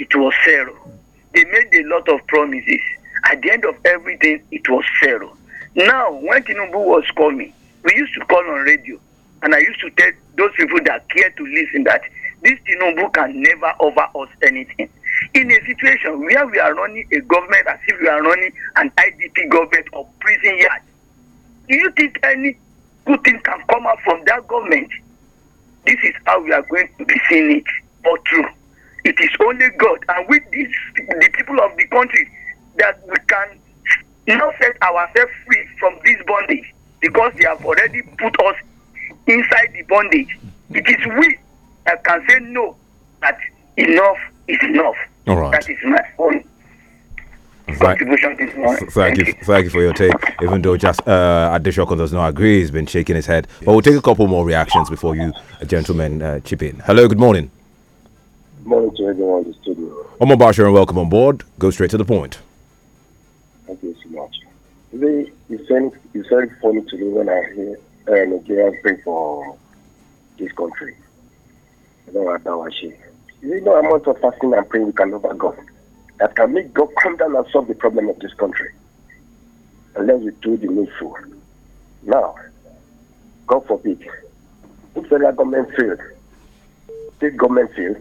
it was Pharaoh. They made a lot of promises. At the end of everything, it was Pharaoh. Now, when Tinubu was coming, we used to call on radio, and I used to tell those people that care to listen that this Tinubu can never offer us anything. In a situation where we are running a government as if we are running an IDP government or prison yard, do you think any good thing can come out from that government? This is how we are going to be seeing it, for true. It is only God and with this, the people of the country that we can now set ourselves free from this bondage because they have already put us inside the bondage. It is we that can say no, that enough is enough. All right. That is my own. Thank, thank you, thank you for your take. Even though just uh, Adeshoko does not agree, he's been shaking his head. But we'll take a couple more reactions before you, uh, gentlemen, uh, chip in. Hello, good morning. Good morning to everyone in the studio. Omar Basher and welcome on board. Go straight to the point. Thank you so much. Today, it's very, it's very funny to me when I hear uh, Nigerians pray for this country. You know, Adawashi. You know, amount of fasting and praying we can over God. That can make God come down and solve the problem of this country. Unless we do the needful. Now, God forbid, if the government failed, state government failed,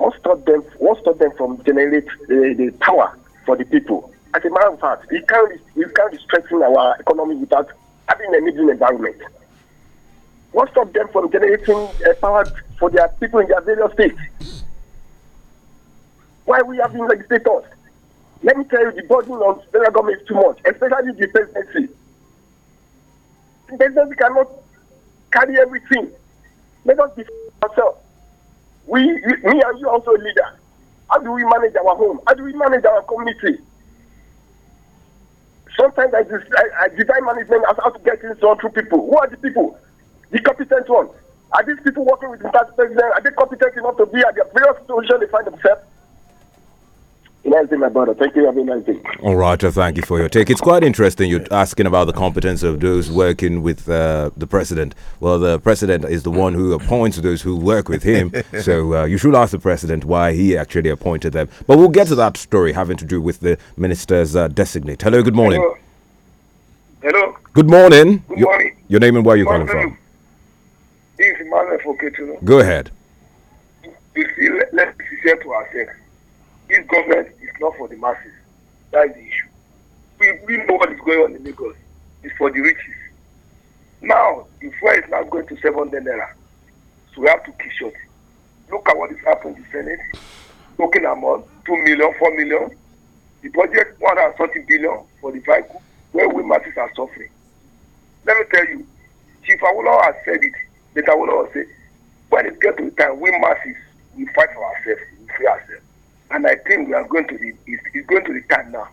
what stopped them? What stopped them from generating uh, the power for the people? As a matter of fact, we can't we can't strengthen our economy without having a living environment. What stopped them from generating uh, power for their people in their various states? Why we having legislators? Let me tell you, the burden on federal government is too much, especially the presidency. The presidency cannot carry everything. Let us be ourselves. We, me and you also leader. How do we manage our home? How do we manage our community? Sometimes I, I, I design management as how to get things done through people. Who are the people? The competent ones. Are these people working with the past president? Are they competent enough to be at the various solutions they find themselves? Nice my brother. Thank you. Have a nice day. All right. I uh, thank you for your take. It's quite interesting. You're asking about the competence of those working with uh, the president. Well, the president is the one who appoints those who work with him. so uh, you should ask the president why he actually appointed them. But we'll get to that story having to do with the minister's uh, designate. Hello. Good morning. Hello. Hello. Good morning. Good morning. Your, your name and where you're calling from? This is Emmanuel Go ahead. let's share to ourselves this government is not for the masses. That is the issue. We, we know what is going on in Lagos. It's for the riches. Now, the fuel is now going to 700 naira. So we have to keep short. Look at what is happening in the Senate. Talking about 2 million, 4 million. The budget, 130 billion for the vehicle, where we masses are suffering. Let me tell you, Chief Awolowo has said it, but Awolowo said, when it gets to the time, we masses, we fight for ourselves, we free ourselves. And I think we are going to the it's, it's going to the time now.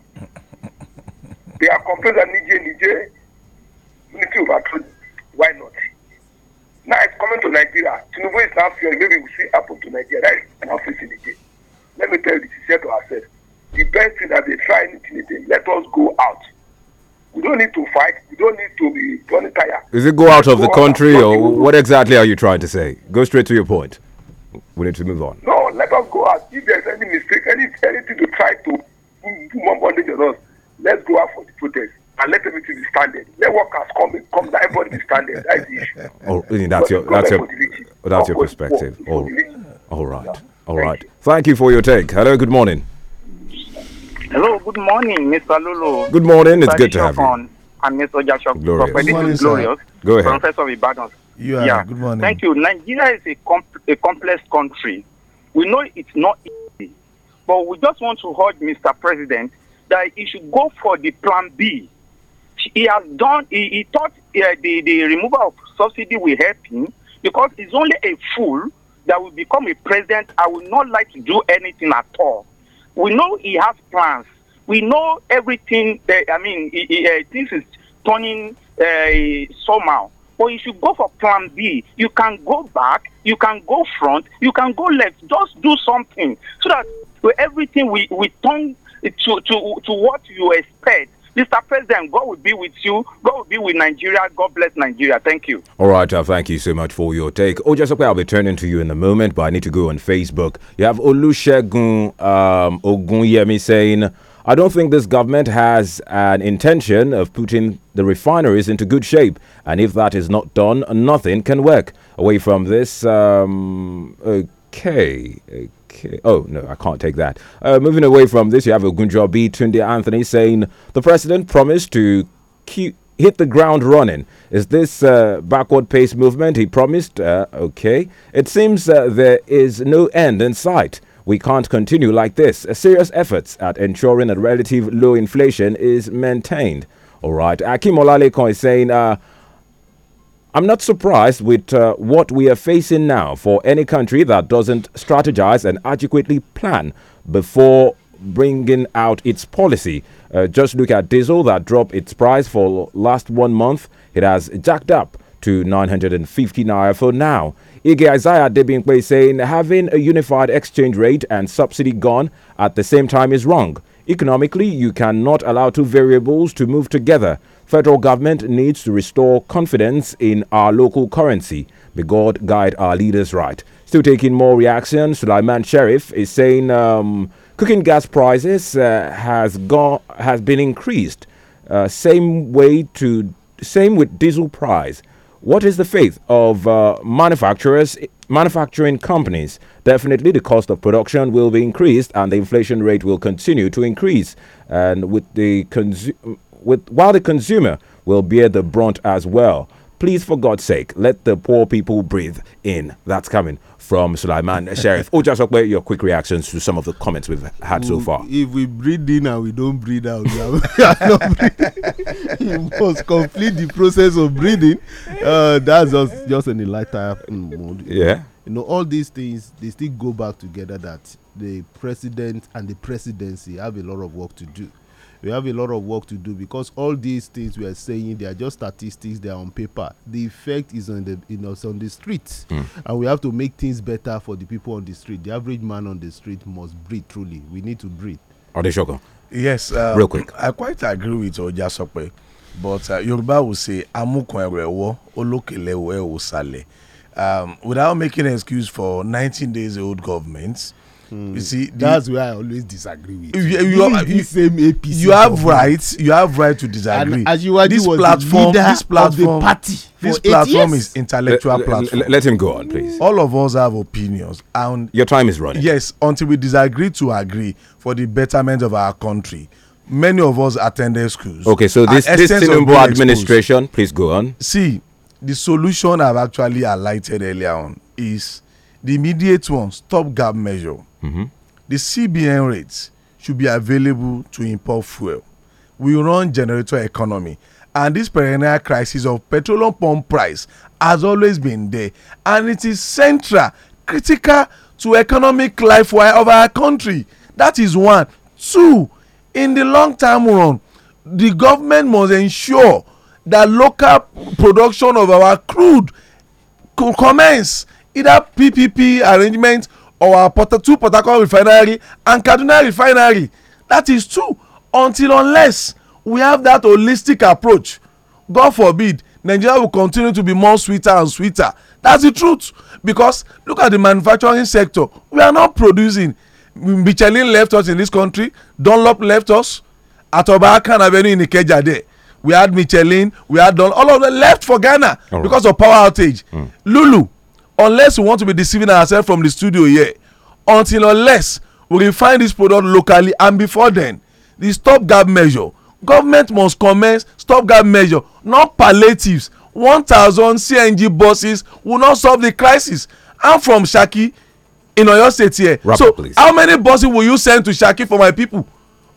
they are complaining that Niger, Niger, we overthrow. Why not? Now it's coming to Nigeria. Tinubu is now fearing maybe we see happen to Nigeria. That is now facing Niger. Let me tell you this is to ourselves. The best thing that they try in Niger, let us go out. We don't need to fight. We don't need to be turning tired. Is it go out of go the country, or what exactly are you trying to say? Go straight to your point. We need to move on. No, let us if there's any mistake, any anything to try to do more bondage on us, let's go out for the protest and let everything be standard. Let workers come in, come down, everybody be standard. That's the issue. Oh, that's your that's your that's your perspective. Oh, all right, all right. Thank you for your take. Hello, good morning. Hello, good morning, Mr. Lulu. Good morning. It's good to have you. And Mr. Joshua, glorious. morning, glorious. Go ahead. Professor of Ibadan. You are. Yeah. Good morning. Thank you. Nigeria is a, a complex country we know it's not easy, but we just want to urge Mr. President that he should go for the plan B. He has done, he, he thought uh, the, the removal of subsidy will help him because he's only a fool that will become a president. I would not like to do anything at all. We know he has plans. We know everything. I mean, he, he, uh, this is turning uh, somehow but you should go for plan B. You can go back, you can go front, you can go left. Just do something so that everything we we turn to to to what you expect. Mr. President, God will be with you. God will be with Nigeria. God bless Nigeria. Thank you. All right, uh, thank you so much for your take. Oh, okay. I'll be turning to you in a moment, but I need to go on Facebook. You have Olusegun um, Ogunyemi saying. I don't think this government has an intention of putting the refineries into good shape. And if that is not done, nothing can work. Away from this, um, okay. okay. Oh, no, I can't take that. Uh, moving away from this, you have Ogunjobi Tunde Anthony saying the president promised to keep hit the ground running. Is this uh, backward pace movement he promised? Uh, okay. It seems uh, there is no end in sight. We can't continue like this. Serious efforts at ensuring that relative low inflation is maintained. All right. Akim Olaleko is saying, uh, I'm not surprised with uh, what we are facing now for any country that doesn't strategize and adequately plan before bringing out its policy. Uh, just look at diesel that dropped its price for last one month. It has jacked up to 950 naira for now. Ige Isaiah Debinpe saying having a unified exchange rate and subsidy gone at the same time is wrong. Economically, you cannot allow two variables to move together. Federal government needs to restore confidence in our local currency. May God guide our leaders right. Still taking more reactions, Sulaiman Sheriff is saying um, cooking gas prices uh, has gone has been increased. Uh, same way to same with diesel price. What is the faith of uh, manufacturers, manufacturing companies? Definitely, the cost of production will be increased, and the inflation rate will continue to increase. And with the with while the consumer will bear the brunt as well please, for God's sake, let the poor people breathe in. That's coming from Sulaiman Sheriff. just Sokwe, your quick reactions to some of the comments we've had so far. If we breathe in and we don't breathe out, we are, not breathing. we must complete the process of breathing. Uh, that's just, just the lighter mood. Yeah. You know, all these things, they still go back together that the president and the presidency have a lot of work to do. we have a lot of work to do because all these things we are saying they are just statistics they are on paper the effect is on the you know on the streets mm. and we have to make things better for the people on the street the average man on the street must breathe truly we need to breathe. Are they Odeshoko. yes um, real quick i quite agree with ojasope but uh, yoruba will say amukun ẹrọ ẹwọ olókèlè ẹwọ ẹwọ sálẹ without making excuse for 19 days old governments. Mm. You see, that's the, where I always disagree with you. You, you, are, you, same APC you have right. You have right to disagree. And as you are, this platform, this platform, party. This platform is intellectual uh, platform. Let him go on, please. All of us have opinions, and your time is running. Yes, until we disagree to agree for the betterment of our country. Many of us attended schools. Okay, so this this Tinubu administration, exposed. please go on. See, the solution I've actually highlighted earlier on is the immediate one, stop gap measure Mm-hmm. The CBN rates should be available to import fuel. We run generator economy and this perennial crisis of petroleum pump price has always been there and it is central critical to economic life of our country that is one two in the long term run the government must ensure that local production of our crude commence either ppp arrangement our Port two Port Harcourt refinery and Kaduna refinery. That is true until unless we have that holistic approach. God forbid Nigeria will continue to be more sweeter and sweeter. That's the truth because look at the manufacturing sector. We are not producing. Michelin left us in this country. Dunlop left us. Atoba Akan Avenue in Ikeja there we had michelin we had all of them left for ghana because of power outage mm. lulu unless we want to be deceiving ourselves from the studio here until unless we refine this product locally and before then the stopgap measure government must commence stopgap measure not palliatives one thousand cng buses will not solve the crisis i'm from saki in oyo state here so please. how many buses will you send to saki for my people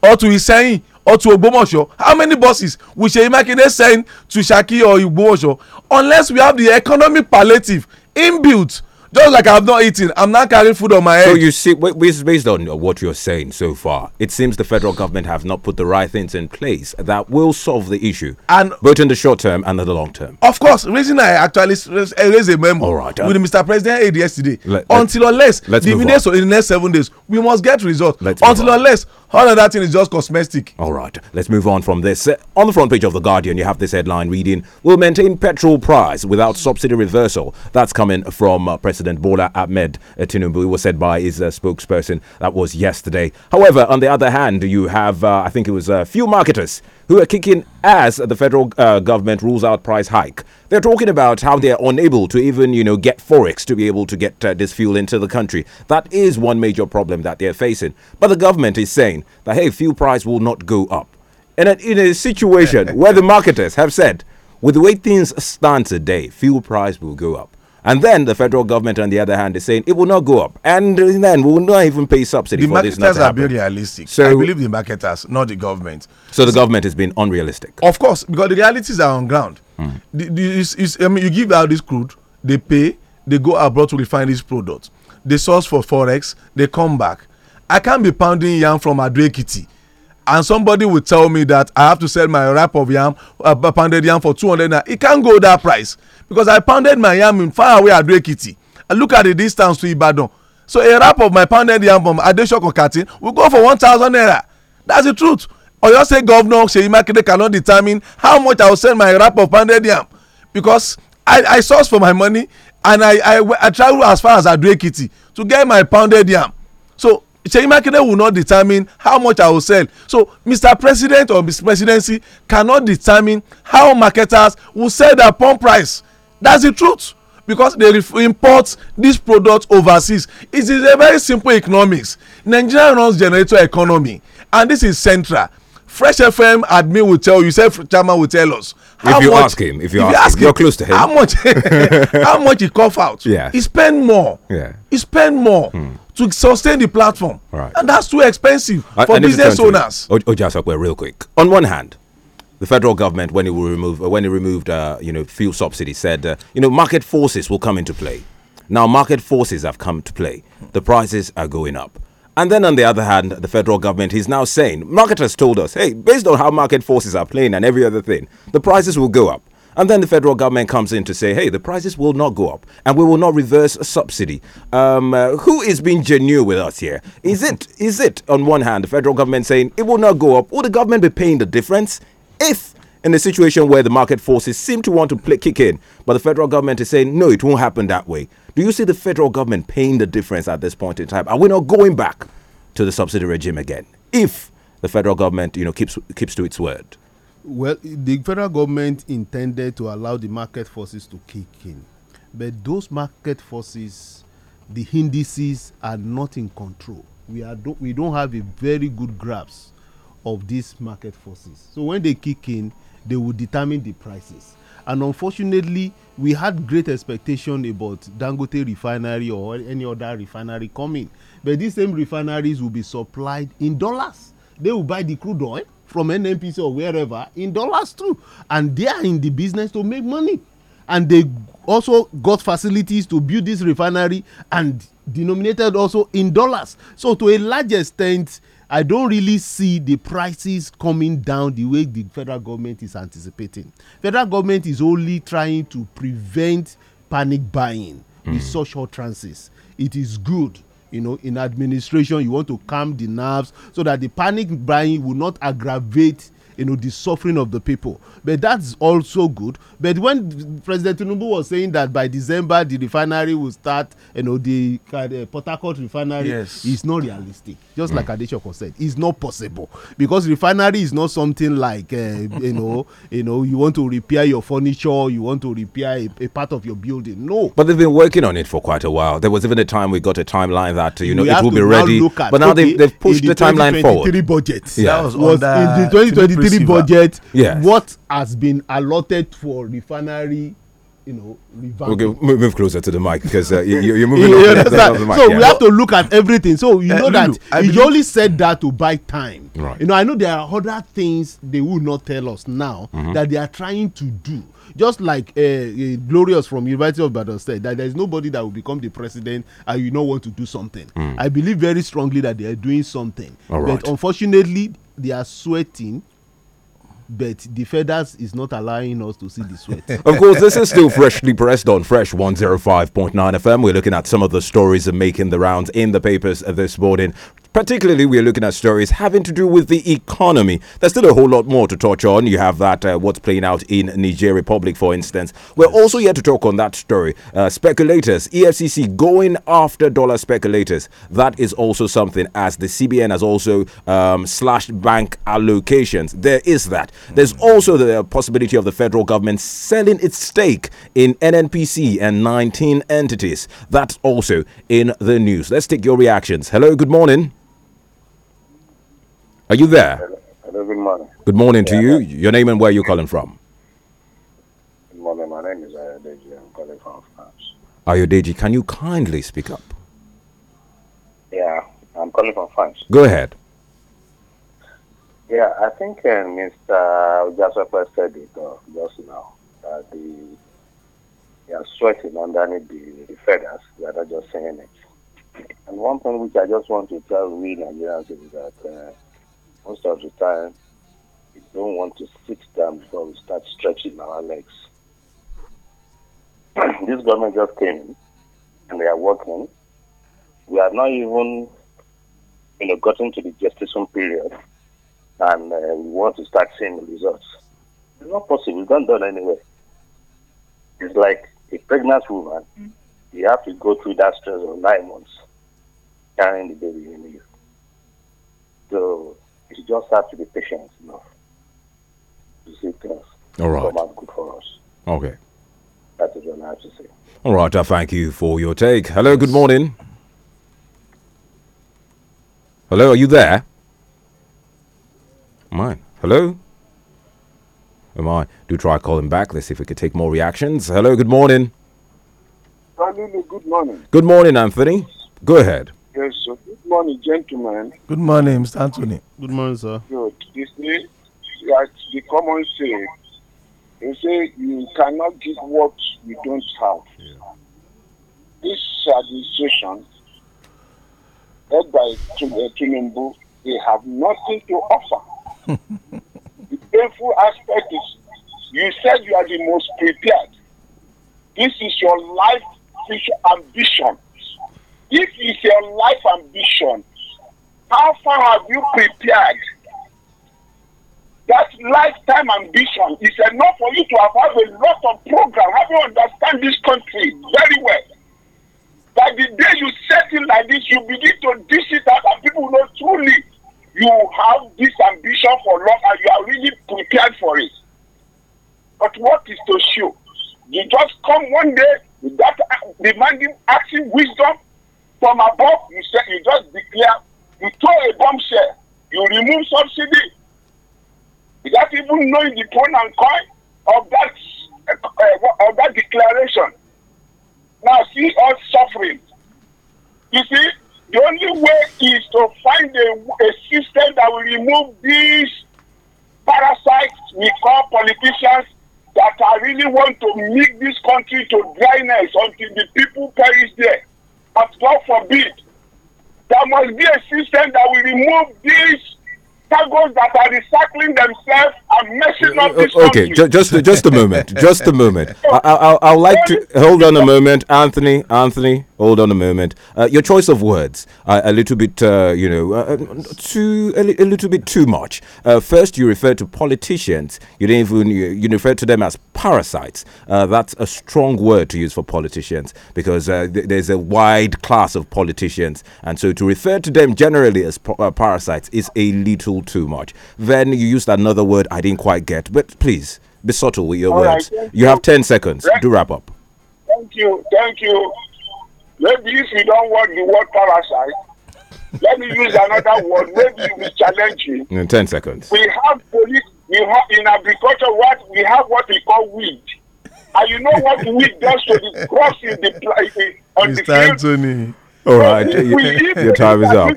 or to iseyin or to ogbomoso how many buses will seyi makinde send to saki or ogbomoso unless we have the economic palliative inbuilt just like I've not eaten, I'm not carrying food on my head. So you see, based on what you're saying so far, it seems the federal government have not put the right things in place that will solve the issue, and both in the short term and in the long term. Of course, reason I actually raised eh, a memo All right, uh, with Mr. President yesterday. Let, until unless let the in the next seven days, we must get results. Let's until unless all of that thing is just cosmetic. All right, let's move on from this. on the front page of The Guardian, you have this headline reading Will maintain petrol price without subsidy reversal. That's coming from uh, President Bola Ahmed Tinubu. It was said by his uh, spokesperson. That was yesterday. However, on the other hand, you have, uh, I think it was a uh, few marketers who are kicking ass the federal uh, government rules out price hike. They're talking about how they're unable to even, you know, get forex to be able to get uh, this fuel into the country. That is one major problem that they're facing. But the government is saying that hey, fuel price will not go up. And in a situation where the marketers have said, with the way things stand today, fuel price will go up. And then the federal government, on the other hand, is saying it will not go up. And then we will not even pay subsidy the for this. The marketers are being realistic. So, I believe the marketers, not the government. So the so, government is being unrealistic. Of course, because the realities are on ground. Mm. The, the, it's, it's, I mean, you give out this crude, they pay, they go abroad to refine this product. They source for forex, they come back. I can't be pounding yam from Adwekiti and somebody will tell me that i have to sell my wrap of yam uh, pounded yam for two hundred naira it can't go that price because i pounded my yam in far away ado and look at the distance to ibadan so a wrap of my pounded yam from adesokan katin will go for one thousand naira that's the truth Or you say governor seyi makinde cannot determine how much i will sell my wrap of pounded yam because i i source for my money and i i i travel as far as ado to get my pounded yam so Seyi Makinde will not determine how much I will sell. So Mr. President or Mr. Presidency cannot determine how marketers will sell their pump price. That's the truth because they import this product overseas. It is a very simple economics. Nigeria runs generator economy and this is central. Fresh FM admin will tell you, self chairman will tell us. if you ask him, if you, if ask, ask him, you're close to him. How much how much he cough out? Yeah. He spend more. Yeah. He spend more hmm. to sustain the platform. Right. And that's too expensive I, for I business owners. Oh, oh just real quick. On one hand, the federal government, when it will remove, uh, when it removed, uh, you know, fuel subsidy, said, uh, you know, market forces will come into play. Now, market forces have come to play. The prices are going up. And then on the other hand, the federal government is now saying, market has told us, hey, based on how market forces are playing and every other thing, the prices will go up. And then the federal government comes in to say, hey, the prices will not go up and we will not reverse a subsidy. Um, uh, who is being genuine with us here? Is it, is it, on one hand, the federal government saying it will not go up? Will the government be paying the difference? If in a situation where the market forces seem to want to play, kick in, but the federal government is saying, no, it won't happen that way. Do you see the federal government paying the difference at this point in time? Are we not going back to the subsidy regime again if the federal government, you know, keeps keeps to its word? Well, the federal government intended to allow the market forces to kick in, but those market forces, the indices, are not in control. We are do we don't have a very good grasp of these market forces. So when they kick in, they will determine the prices, and unfortunately, we had great expectation about dangote refinery or any other refinery coming but these same refineries will be supplied in dollars they will buy the crude oil from nnpc or wherever in dollars too and they are in the business to make money and they also got facilities to build this refinery and denominated also in dollars so to a large extent I don't really see the prices coming down the way the federal government is anticipating. Federal government is only trying to prevent panic buying mm. with such utterances. It is good you know in administration you want to calm the nerves so that the panic buying will not aggravate you know the suffering of the people but that's also good but when president tinubu was saying that by december the refinery will start you know the uh, port harcourt refinery yes. it's not realistic just mm. like adesokan said it's not possible because refinery is not something like uh, you know you know you want to repair your furniture you want to repair a, a, part of your building no but they've been working on it for quite a while there was even a time we got a timeline that you know we it will be ready but now okay, they've, they've pushed the, the timeline forward budget yeah. that was, was in the 2023 refinery budget yes. what has been allotted for refinery you know revamping. okay move closer to the mic because uh, you, are moving you yeah, the, the mic, so yeah. we have to look at everything so you uh, know Lulu, that you only said that to buy time right you know i know there are other things they will not tell us now mm -hmm. that they are trying to do just like uh, uh glorious from university of badon said that there is nobody that will become the president and you not want to do something mm. i believe very strongly that they are doing something All right. but unfortunately they are sweating but the feathers is not allowing us to see the sweat. of course, this is still freshly pressed on Fresh 105.9 FM. We're looking at some of the stories making the rounds in the papers this morning. Particularly, we're looking at stories having to do with the economy. There's still a whole lot more to touch on. You have that, uh, what's playing out in Niger Republic, for instance. We're also here to talk on that story. Uh, speculators, EFCC going after dollar speculators. That is also something, as the CBN has also um, slashed bank allocations. There is that. There's mm. also the possibility of the federal government selling its stake in NNPC and 19 entities. That's also in the news. Let's take your reactions. Hello, good morning. Are you there? Hello. good morning. Good morning yeah, to you. Your name and where you're calling from? Good morning. My name is Ayodeji. Uh, I'm calling from France. Ayodeji, can you kindly speak up? Yeah, I'm calling from France. Go ahead. Yeah, I think uh, Mr. Jasper said it uh, just now. the they are sweating underneath the, the feathers. They are not just saying it. And one thing which I just want to tell we Nigerians is that uh, most of the time, we don't want to sit down before we start stretching our legs. this government just came and they are working. We have not even you know, gotten to the gestation period and uh, we want to start seeing the results. It's not possible. It's not done anyway. It's like a pregnant woman. mm You have to go through that stress of nine months carrying the baby in you. So you just have to be patient enough to see things All right. come out good for us. Okay. That is what I have to say. All right, I thank you for your take. Hello, good morning. Hello, are you there? Mine. Hello? Am I? Do try calling back. Let's see if we could take more reactions. Hello, good morning. Good morning. Good morning, Anthony. Go ahead. Yes, sir. Good morning, gentlemen. Good morning, Mr. Anthony. Good morning, sir. Good. You see, the common saying, they say you cannot give what you don't have. Yeah. This administration, led by uh, Tinubu, they have nothing to offer. the painful aspect is you said you are the most prepared. This is your life future ambition. If it's your life ambition, how far have you prepared? That lifetime ambition is enough for you to have, had a lot of program, have you understand this country very well. That the day you set it like this, you begin to dish it out, and people know truly you have this ambition for long and you are really prepared for it. But what is to show? You just come one day without demanding, asking wisdom, from above, you say you just declare, you throw a bombshell, you remove subsidy without even knowing the and coin of that uh, of that declaration. Now see us suffering. You see, the only way is to find a, a system that will remove these parasites we call politicians that I really want to make this country to dryness until the people perish there. God forbid, there must be a system that will remove these cargoes that are recycling themselves and messing up this Okay, country. just just a moment, just a moment. I, I, I would like to hold on a moment, Anthony. Anthony, hold on a moment. Uh, your choice of words uh, a little bit, uh, you know, uh, too a, a, little bit too much. Uh, first, you refer to politicians. You didn't even you, you refer to them as parasites. Uh, that's a strong word to use for politicians because th there's a wide class of politicians, and so to refer to them generally as parasites is a little too much. Then you used another word I didn't quite get, but please be subtle with your all words. Right, you, you have 10 seconds. Thank Do wrap up. Thank you. Thank you. Maybe if you don't want the word parasite, let me use another word. Maybe we challenge you. In 10 seconds. We have police, we have in agriculture what we have what we call weeds. And you know what weed does to the crops in the, in, on Mr. the field? Anthony. All right. your time is up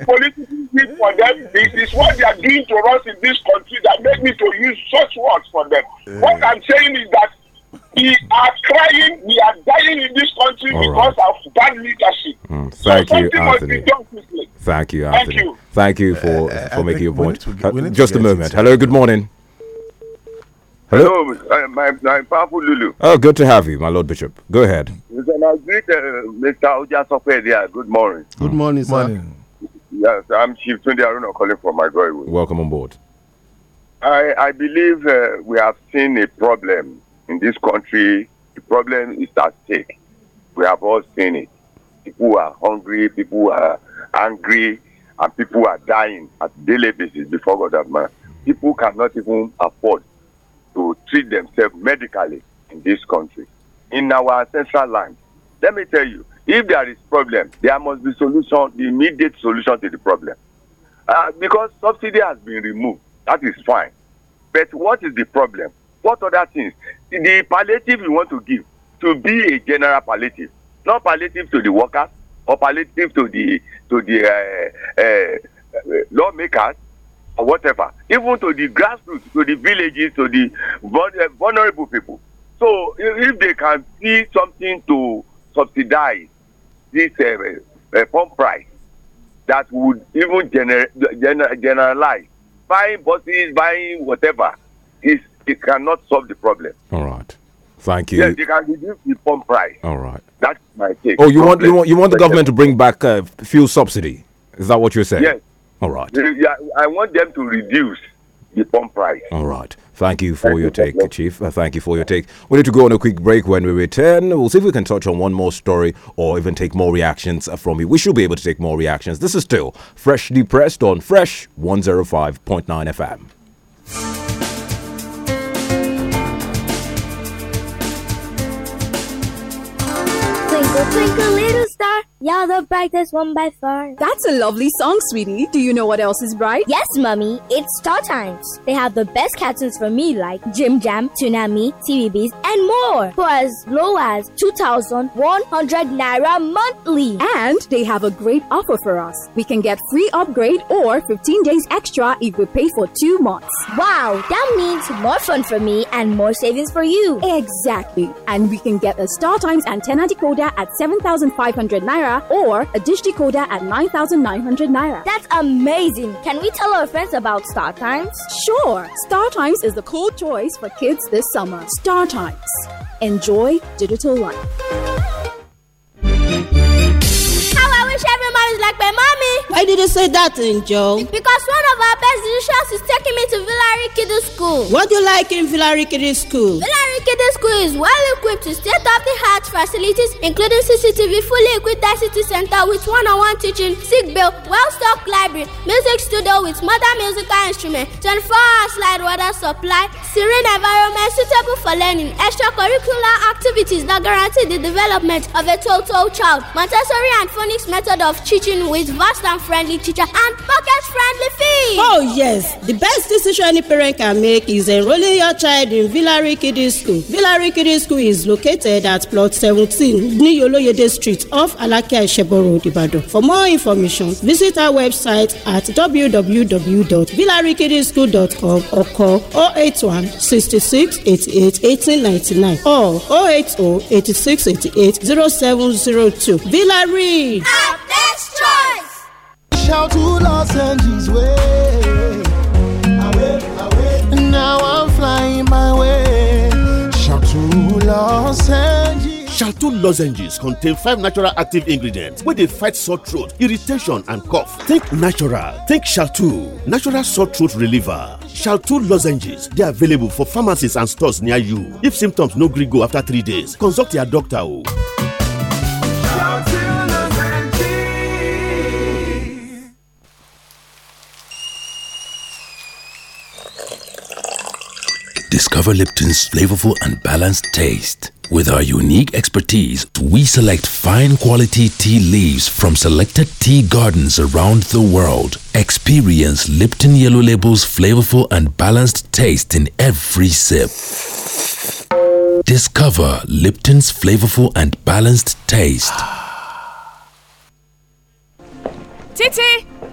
speak for them. It is what they are doing to us in this country that made me to use such words for them. Yeah. What I'm saying is that we are crying, we are dying in this country All because right. of bad leadership. Mm, thank, so you, Anthony. thank you, Anthony. Thank you, Thank you uh, for, uh, for I making your point. Get, Just a moment. Hello, good morning. Hello, Hello uh, my, my powerful Lulu. Oh, good to have you, my Lord Bishop. Go ahead. Mr. uh, Mr. Good morning. Good morning, sir. Morning. Yes, I'm Chief Tunde Aruna calling from my Agroiwe. Welcome on board. I, I believe uh, we have seen a problem in this country. The problem is at stake. We have all seen it. People are hungry, people are angry, and people are dying at daily basis before God man. People cannot even afford to treat themselves medically in this country. In our ancestral land, let me tell you, if there is problem there must be solution the immediate solution to the problem uh, because subsidy has been removed that is fine but what is the problem what other things the palliative you want to give to be a general palliative not palliative to the workers or palliative to the to the uh, uh, lawmakers or whatever even to the grassroots to the villages to the uh, vulnerable people so if they can see something to subsidize this uh, uh, pump price that would even gener gener generalize buying buses, buying whatever, is it cannot solve the problem. All right. Thank you. Yes, you can reduce the pump price. All right. That's my take. Oh, you want you want you want the government to bring back uh, fuel subsidy? Is that what you're saying? Yes. All right. Yeah, I want them to reduce the pump price. All right. Thank you for Thank your you take, Chief. Uh, thank you for your take. We need to go on a quick break. When we return, we'll see if we can touch on one more story or even take more reactions uh, from you. We should be able to take more reactions. This is still freshly Depressed on Fresh 105.9 FM. twinkle little star you're the brightest one by far. That's a lovely song, sweetie. Do you know what else is bright? Yes, mummy. It's Star Times. They have the best cartoons for me like Jim Jam, Tsunami, TVBs, and more for as low as 2,100 naira monthly. And they have a great offer for us. We can get free upgrade or 15 days extra if we pay for two months. Wow, that means more fun for me and more savings for you. Exactly. And we can get a Star Times antenna decoder at 7,500 naira naira or a dish decoder at 9,900 naira. That's amazing! Can we tell our friends about Star Times? Sure! Star Times is the cool choice for kids this summer. Star Times. Enjoy digital life. sharing marriage like my mommy. Why did you say that, Angel? Because one of our best musicians is taking me to Villari Kiddie School. What do you like in Villari Kiddie School? Villari Kiddie School is well equipped to state-of-the-art facilities including CCTV, fully equipped ICT center with one-on-one teaching, sick bill, well-stocked library, music studio with modern musical instruments, 24-hour slide water supply, serene environment suitable for learning, extracurricular activities that guarantee the development of a total child, Montessori and phonics methods method of teaching with vast and friendly teacher and pocket-friendly fees. Oh yes, the best decision any parent can make is enrolling your child in Villari Kiddie School. Villari Kiddie School is located at plot seventeen Niyoloyede Street off Alake Esebo Road, Ibadan. For more information, visit our website at www.villarikiddieschool.com or call 081 66 88 1899 or 080 86 88 0702. Villari! Ah! our best choice. Shout to Los Angeles way. Now I'm flying my way. Shout to Los Angeles. Shalto lozenges contain five natural active ingredients wey dey fight sore throat, irritation and cough. Think natural, think Shalto, natural sore throat reliever. Shalto lozenges dey available for pharmacies and stores near you. If symptoms no gree go after three days, consult your doctor o. Oh. Discover Lipton's flavorful and balanced taste. With our unique expertise, we select fine quality tea leaves from selected tea gardens around the world. Experience Lipton Yellow Label's flavorful and balanced taste in every sip. Discover Lipton's flavorful and balanced taste. Titi!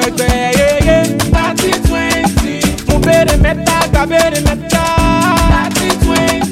Efe yeye, pati swen si Mw pere meta, ka pere meta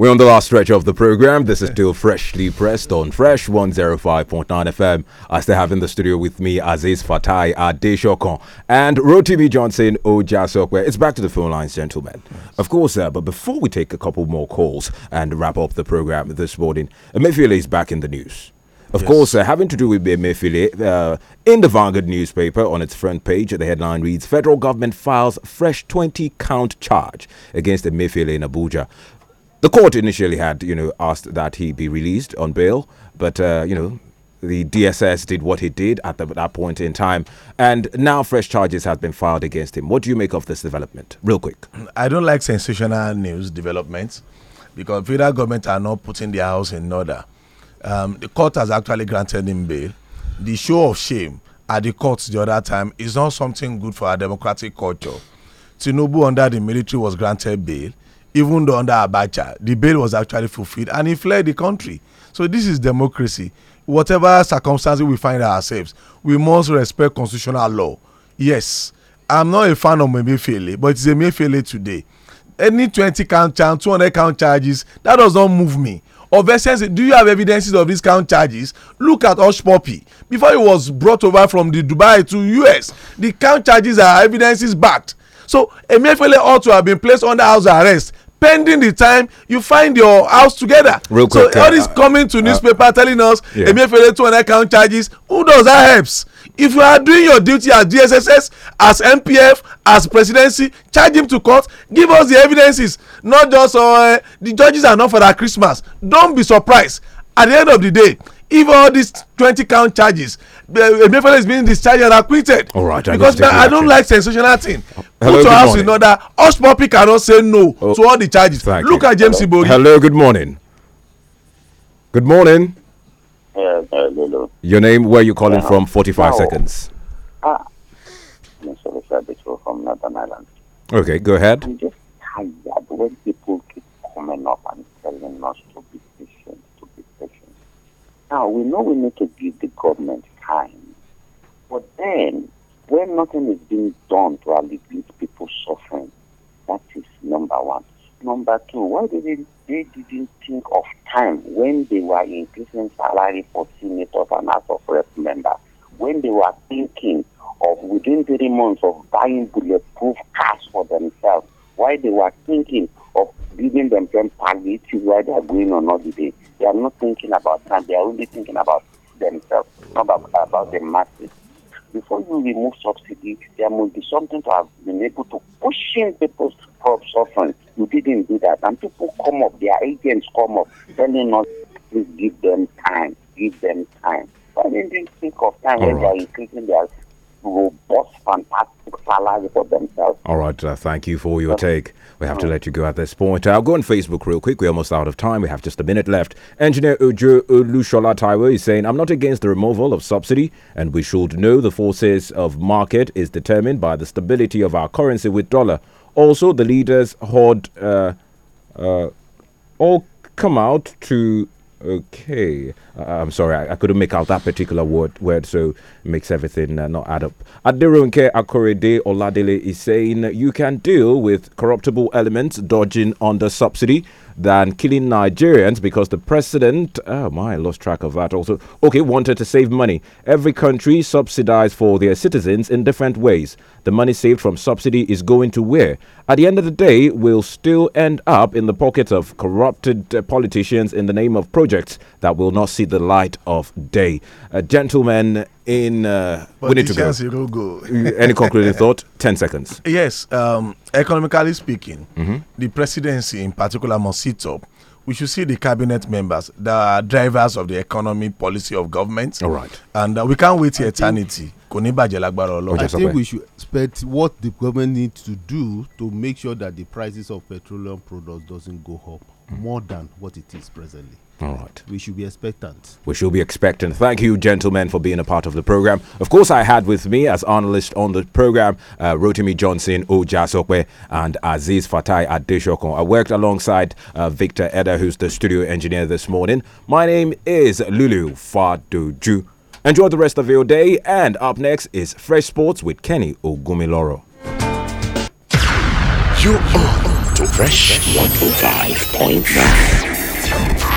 We're on the last stretch of the program. This is still freshly pressed on Fresh 105.9 FM. I still have in the studio with me Aziz Fatai Adeshokon and Rotimi Johnson Ojasokwe. It's back to the phone lines, gentlemen. Of course, uh, but before we take a couple more calls and wrap up the program this morning, Emefiele is back in the news. Of yes. course, uh, having to do with Emefiele, uh, in the Vanguard newspaper on its front page, the headline reads Federal government files fresh 20 count charge against Emefiele in Abuja. The court initially had, you know, asked that he be released on bail, but uh, you know, the DSS did what he did at the, that point in time, and now fresh charges have been filed against him. What do you make of this development, real quick? I don't like sensational news developments because federal government are not putting their house in order. Um, the court has actually granted him bail. The show of shame at the courts the other time is not something good for our democratic culture. Tinubu under the military was granted bail even though under Abacha, the bail was actually fulfilled and he fled the country. So this is democracy. Whatever circumstances we find ourselves, we must respect constitutional law. Yes, I'm not a fan of Emefiele, but it's Emefiele today. Any 20 count charge, 200 count charges, that does not move me. Of essence, do you have evidences of these count charges? Look at Osh Poppy. Before he was brought over from the Dubai to US, the count charges are evidences backed so Emefiele ought to have been placed under house arrest pending the time you find your house together. Real so quick, all this uh, coming to uh, newspaper uh, telling us yeah. to 200 count charges, who does that helps? If you are doing your duty as DSSS, as MPF, as presidency, charge him to court, give us the evidences. Not just uh, the judges are not for that Christmas. Don't be surprised. At the end of the day, if all these 20 count charges Emefiele eh, is being discharged and acquitted. All right, I because I, don't like sensational thing. Uh, hello, Put your house in order. Us people cannot say no oh, to all the charges. Look you. at James Ibori. Hello, good morning. Good morning. Uh, hello. Your name, where you calling uh, from? 45 oh. seconds. Ah, I'm from Northern Ireland. Okay, go ahead. I'm just tired when people keep coming up and telling us to be patient, to be patient. Now, we know we need to give the government then, when nothing is being done to alleviate people's suffering, that is number one. Number two, why did they, they didn't think of time when they were increasing salary for senators and House of Rep members, when they were thinking of within three months of buying bulletproof cars for themselves, why they were thinking of giving themselves palliative while they are going on holiday. They are not thinking about time, they are only thinking about themselves, not about, about the masses before you remove subsidy, there must be something to have been able to push in people's from suffering. You didn't do that. And people come up, their agents come up, telling us, please give them time, give them time. But didn't think of time, right. they are increasing their robust, fantastic for themselves. All right, uh, thank you for your take. We have to let you go at this point. I'll uh, go on Facebook real quick. We're almost out of time. We have just a minute left. Engineer Ulu Olushola Taiwo is saying, I'm not against the removal of subsidy, and we should know the forces of market is determined by the stability of our currency with dollar. Also, the leaders hoard uh, uh, all come out to Okay, uh, uh, I'm sorry, I, I, couldn't make out that particular word, word so makes everything uh, not add up. Adirunke Akorede Oladele is saying you can deal with corruptible elements dodging under subsidy than killing Nigerians because the president, oh my, I lost track of that also, okay, wanted to save money. Every country subsidized for their citizens in different ways. The money saved from subsidy is going to where? At the end of the day, will still end up in the pockets of corrupted uh, politicians in the name of projects that will not see the light of day. Uh, gentlemen, in uh, we need to go. go, go. Any concluding thought? Ten seconds. Yes. Um, economically speaking, mm -hmm. the presidency in particular must sit up. We should see the cabinet members, the drivers of the economy policy of government. All right. And uh, we can't wait I eternity. I think we should expect what the government needs to do to make sure that the prices of petroleum products doesn't go up mm more than what it is presently. All right. We should be expectant. We should be expectant. Thank you, gentlemen, for being a part of the program. Of course, I had with me as analyst on the program uh, Rotimi Johnson, Ojasokwe, and Aziz Fatai Adeshokon. I worked alongside uh, Victor Eder, who's the studio engineer this morning. My name is Lulu Fadoju. Enjoy the rest of your day, and up next is Fresh Sports with Kenny Ogumiloro. You are on to Fresh 105.9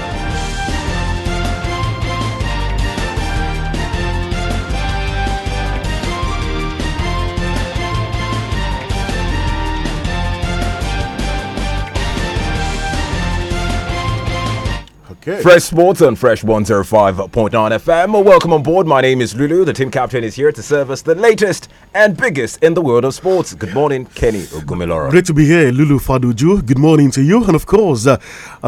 Fresh Sports on Fresh 105.9 FM. Welcome on board. My name is Lulu. The team captain is here to serve us the latest and biggest in the world of sports. Good morning, Kenny Ogumiloro. Great to be here, Lulu Faduju. Good morning to you, and of course, uh,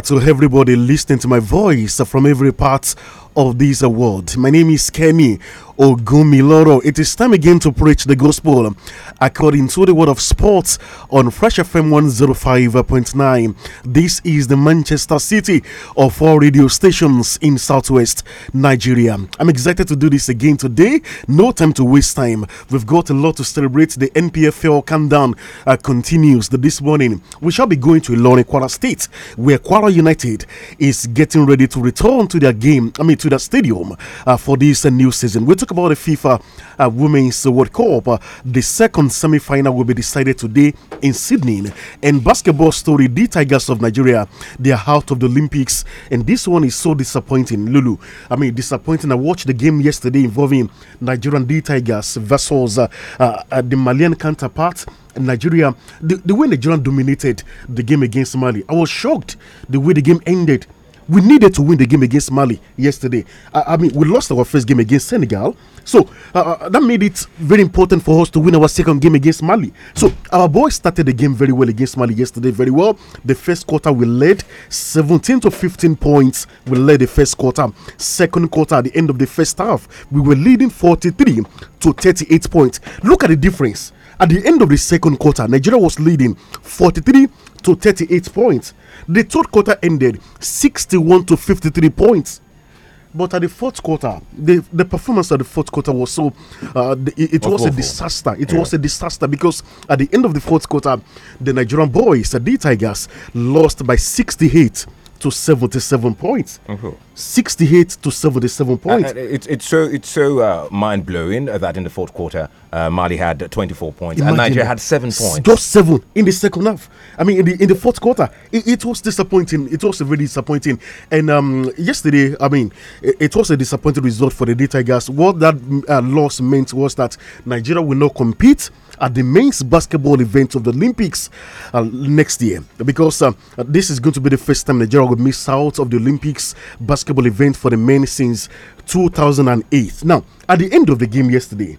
to everybody listening to my voice from every part of this uh, world. My name is Kenny Ogumiloro. It is time again to preach the gospel according to the word of sports on Fresh FM 105.9. This is the Manchester City of all radio stations in southwest Nigeria. I'm excited to do this again today. No time to waste time. We've got a lot to celebrate. The NPFL countdown uh, continues this morning. We shall be going to Ilorin Kwara State, where Kwara United is getting ready to return to their game, I mean, to their stadium uh, for this uh, new season. We'll talk about the FIFA uh, Women's World Cup. Uh, the second semi final will be decided today in Sydney. And basketball story the Tigers of Nigeria, they are out of the Olympics. And this one is so disappointing, Lulu. I mean, disappointing. I watched the game yesterday involving Nigerian D Tigers versus uh, uh, uh, the Malian counterpart. Nigeria, the, the way Nigeria dominated the game against Mali, I was shocked the way the game ended. We needed to win the game against Mali yesterday. I, I mean, we lost our first game against Senegal, so uh, uh, that made it very important for us to win our second game against Mali. So our boys started the game very well against Mali yesterday, very well. The first quarter we led 17 to 15 points. We led the first quarter. Second quarter, at the end of the first half, we were leading 43 to 38 points. Look at the difference. At the end of the second quarter, Nigeria was leading 43 to 38 points. The third quarter ended 61 to 53 points. But at the fourth quarter, the, the performance of the fourth quarter was so uh, the, it, it was a disaster. It yeah. was a disaster because at the end of the fourth quarter, the Nigerian boys, the Tigers, lost by 68 to 77 points. Mm -hmm. 68 to 77 uh, uh, points. Uh, it's, it's so, it's so uh, mind blowing uh, that in the fourth quarter, uh, Mali had 24 points Imagine and Nigeria had seven points. Just seven in the second half. I mean, in the, in the fourth quarter, it, it was disappointing. It was really disappointing. And um, yesterday, I mean, it, it, was a disappointing result for the Tigers. What that loss meant was that Nigeria will not compete at the men's basketball event of the Olympics uh, next year because uh, this is going to be the first time Nigeria will miss out of the Olympics basketball event for the men since 2008. Now, at the end of the game yesterday,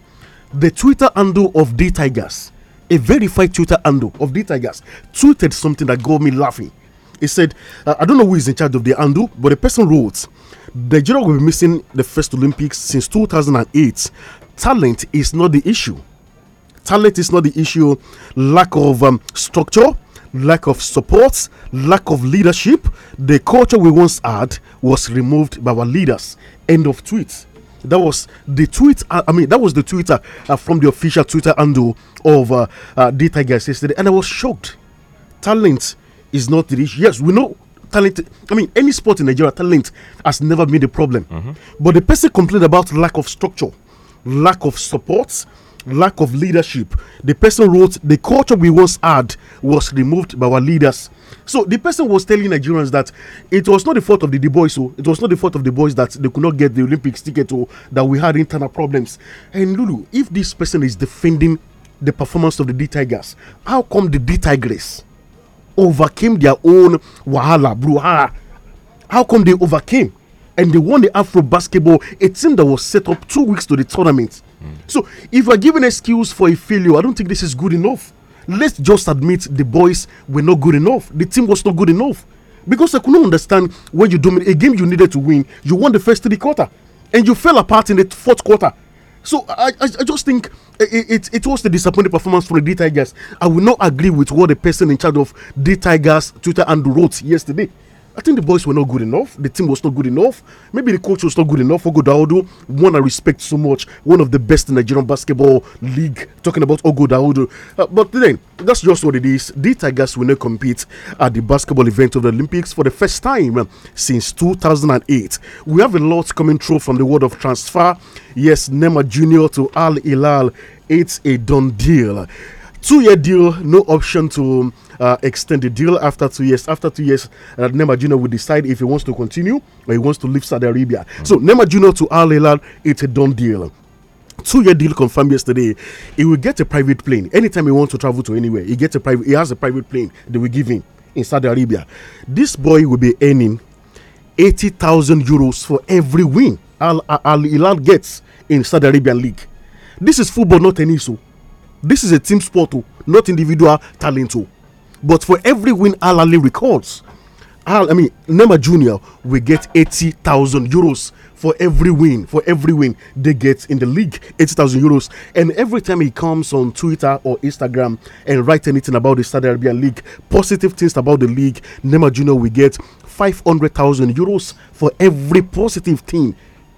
the Twitter handle of the Tigers, a verified Twitter handle of the Tigers, tweeted something that got me laughing. He said, uh, I don't know who is in charge of the handle, but the person wrote, Nigeria will be missing the first Olympics since 2008. Talent is not the issue Talent is not the issue. Lack of um, structure, lack of support, lack of leadership. The culture we once had was removed by our leaders. End of tweet. That was the tweet. Uh, I mean, that was the Twitter uh, from the official Twitter handle of uh, uh, the Tigers yesterday, and I was shocked. Talent is not the issue. Yes, we know talent. I mean, any sport in Nigeria, talent has never been the problem. Mm -hmm. But the person complained about lack of structure, lack of support, lack of leadership. The person wrote, The culture we once had was removed by our leaders. So the person was telling Nigerians that it was not the fault of the, the boys, so oh. it was not the fault of the boys that they could not get the Olympics ticket or oh, that we had internal problems. And Lulu, if this person is defending the performance of the D Tigers, how come the D Tigers overcame their own wahala, bruhara? How come they overcame? And they won the Afro Basketball, a team that was set up two weeks to the tournament so if we're given excuse for a failure, I don't think this is good enough. Let's just admit the boys were not good enough. The team was not good enough. Because I couldn't understand why you dominate a game you needed to win, you won the first three quarter, and you fell apart in the fourth quarter. So I, I, I just think it, eh, eh, it, it, was the disappointing performance from the Tigers. I will not agree with what the person in charge of the Tigers Twitter and wrote yesterday. I think the boys were not good enough. The team was not good enough. Maybe the coach was not good enough. Daudu, one I respect so much, one of the best in Nigerian basketball league. Talking about Ogo uh, but then that's just what it is. The Tigers will not compete at the basketball event of the Olympics for the first time uh, since 2008. We have a lot coming through from the world of transfer. Yes, Nema Junior to Al Hilal, it's a done deal. Two-year deal, no option to uh, extend the deal after two years. After two years, uh, Neymar Jr. will decide if he wants to continue or he wants to leave Saudi Arabia. Mm. So Neymar Jr. to Al Hilal, it's a done deal two-year deal confirmed yesterday. He will get a private plane anytime he wants to travel to anywhere. He gets a private. He has a private plane they will give him in Saudi Arabia. This boy will be earning eighty thousand euros for every win Al Al Hilal gets in Saudi Arabian league. This is football, not tennis. Oh. This is a team sport, oh, not individual talent. Oh. But for every win Alali records, Al, I mean, Nema Jr. will get 80,000 euros for every win, for every win they get in the league, 80,000 euros. And every time he comes on Twitter or Instagram and write anything about the Saudi Arabian League, positive things about the league, Nema Jr. will get 500,000 euros for every positive thing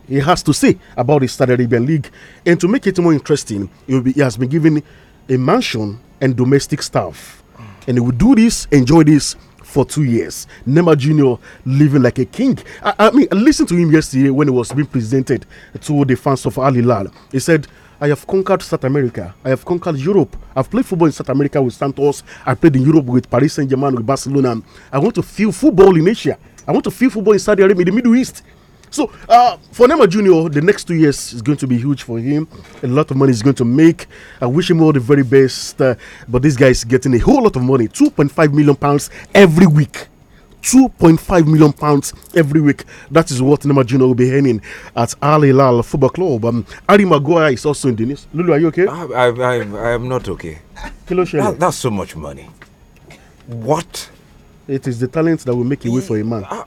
he has to say about the Saudi Arabian League. And to make it more interesting, be, he has been given a mansion and domestic staff and he will do this, enjoy this for two years. Neymar Jr. living like a king. I, I mean, I listened to him yesterday when he was being presented to the fans of Al Hilal. He said, I have conquered South America. I have conquered Europe. I've played football in South America with Santos. I played in Europe with Paris Saint Germain, with Barcelona. I want to feel football in Asia. I want to feel football in Saudi Arabia, in the Middle East. So uh, for Neymar Junior, the next two years is going to be huge for him. A lot of money is going to make. I wish him all the very best. Uh, but this guy is getting a whole lot of money, two point five million pounds every week. 2.5 million pounds every week. That is what Neymar Jr. will be earning at Al Hilal Football Club. Um, Maguire is also in the news. Lulu, are you okay? I, I, I, am not okay. That, that's so much money. What? It is the talent that will make a way for a man. Uh,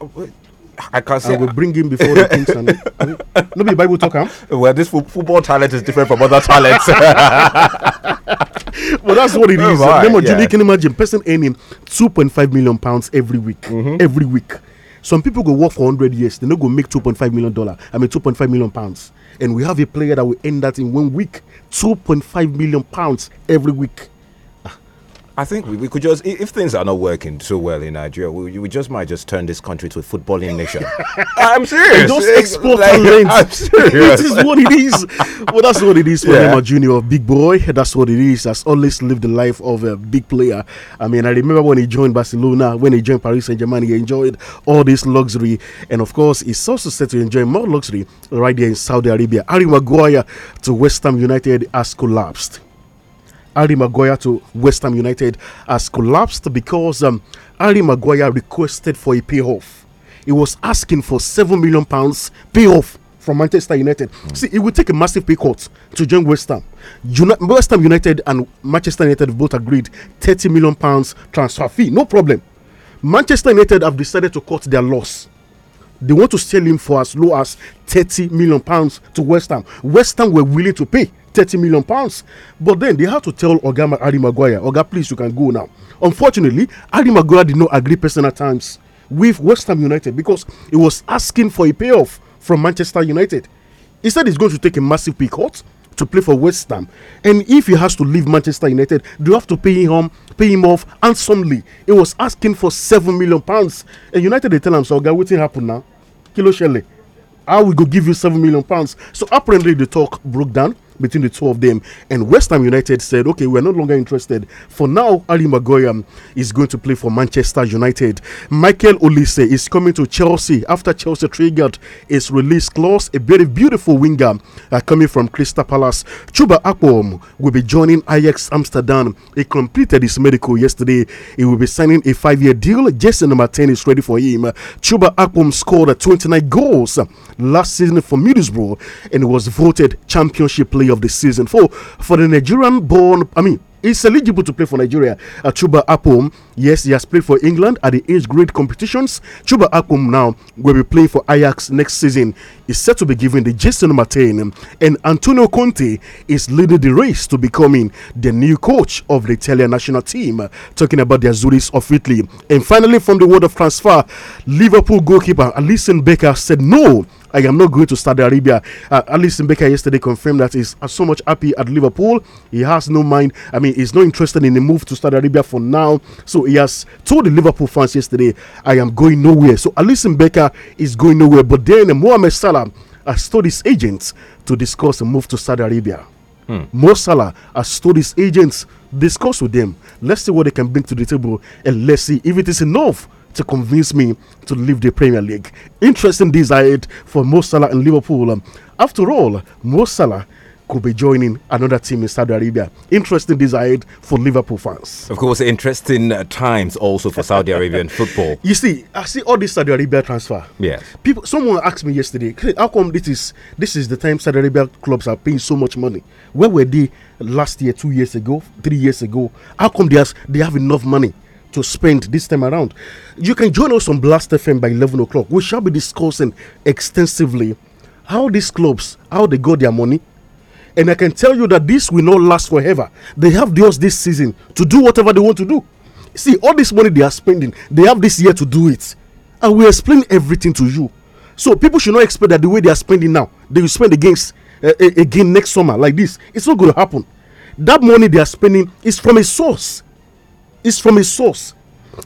I can't say. I will bring him before the kings. son. no, be Bible talk. Huh? Well, this football talent is different from other talents. well, that's what it oh is. Right, Nemo You can imagine person earning 2.5 million pounds every week. Mm -hmm. Every week. Some people go work for 100 years, they no go make 2.5 million dollars. I mean, 2.5 million pounds. And we have a player that will end that in one week 2.5 million pounds every week. I think we, we could just, if things are not working so well in Nigeria, we, we just might just turn this country to a footballing nation. I'm serious. And those export like, I'm serious. It is what it is. well, that's what it is for yeah. Neymar Junior, big boy. That's what it is. Has always lived the life of a big player. I mean, I remember when he joined Barcelona, when he joined Paris Saint Germain, he enjoyed all this luxury, and of course, he's also set to enjoy more luxury right there in Saudi Arabia. Harry Maguire to West Ham United has collapsed. Harry Maguire to West Ham United has collapsed because um, Harry Maguire requested for a payoff. He was asking for seven million pounds payoff from Manchester United. Mm. See, it would take a massive pay cut to join West Ham. Uni West Ham United and Manchester United both agreed 30 million pounds transfer fee, no problem. Manchester United have decided to cut their loss. They want to sell him for as low as 30 million pounds to West Ham. West Ham were willing to pay. 30 million pounds. But then they had to tell Oga Harry Maguire, Oga, please, you can go now. Unfortunately, Harry Maguire did not agree personal terms with West Ham United because he was asking for a payoff from Manchester United. He said he's going to take a massive pay cut to play for West Ham. And if he has to leave Manchester United, do you have to pay him pay him off handsomely? He was asking for seven million pounds. And United they tell him, so guy, what happen now? Kilo Shelley. I will go give you seven million pounds. So apparently the talk broke down between the two of them. And West Ham United said, okay, we're no longer interested. For now, Ali Maguire is going to play for Manchester United. Michael Olise is coming to Chelsea after Chelsea triggered his release clause. A very beautiful winger uh, coming from Crystal Palace. Chuba Akpom will be joining Ajax Amsterdam. He completed his medical yesterday. He will be signing a five year deal. Jason number 10 is ready for him. Chuba Akpom scored 29 goals last season for Middlesbrough and was voted championship player of the season. For for the Nigerian born, I mean, He's eligible to play for Nigeria. Uh, Chuba Akpom, yes, he has played for England at the age grade competitions. Chuba Akpom now will be playing for Ajax next season. Is set to be given the Jason Martin, and Antonio Conte is leading the race to becoming the new coach of the Italian national team. talking about the Azuris of Italy, and finally from the world of transfer, Liverpool goalkeeper Alisson Becker said no I am not going to Saudi Arabia. Uh, Alice Mbeka yesterday confirmed that he's uh, so much happy at Liverpool. He has no mind. I mean, he's not interested in a move to Saudi Arabia for now. So he has told the Liverpool fans yesterday, I am going nowhere. So Alice Mbeka is going nowhere. But then Mohamed Salah has told his agents to discuss a move to Saudi Arabia. Hmm. Mo Salah has told his agents, discuss with them. Let's see what they can bring to the table and let's see if it is enough to convince me to leave the Premier League. Interesting desire for Mo Salah and Liverpool. Um, after all, Mo Salah could be joining another team in Saudi Arabia. Interesting desire for Liverpool fans. Of course, interesting uh, times also for Saudi Arabian football. You see, I see all this Saudi Arabia transfer. Yeah. People, someone asked me yesterday, how come this is this is the time Saudi Arabia clubs are paying so much money? Where were they last year, two years ago, three years ago? How come they, has, they have enough money? to spend this time around. You can join us on Blast FM by 11 o'clock. We shall be discussing extensively how these clubs, how they got their money. And I can tell you that this will not last forever. They have just this season to do whatever they want to do. See, all this money they are spending, they have this year to do it. I will explain everything to you. So people should not expect that the way they are spending now, they will spend against uh, again next summer like this. It's not going to happen. That money they are spending is from a source it's from a source.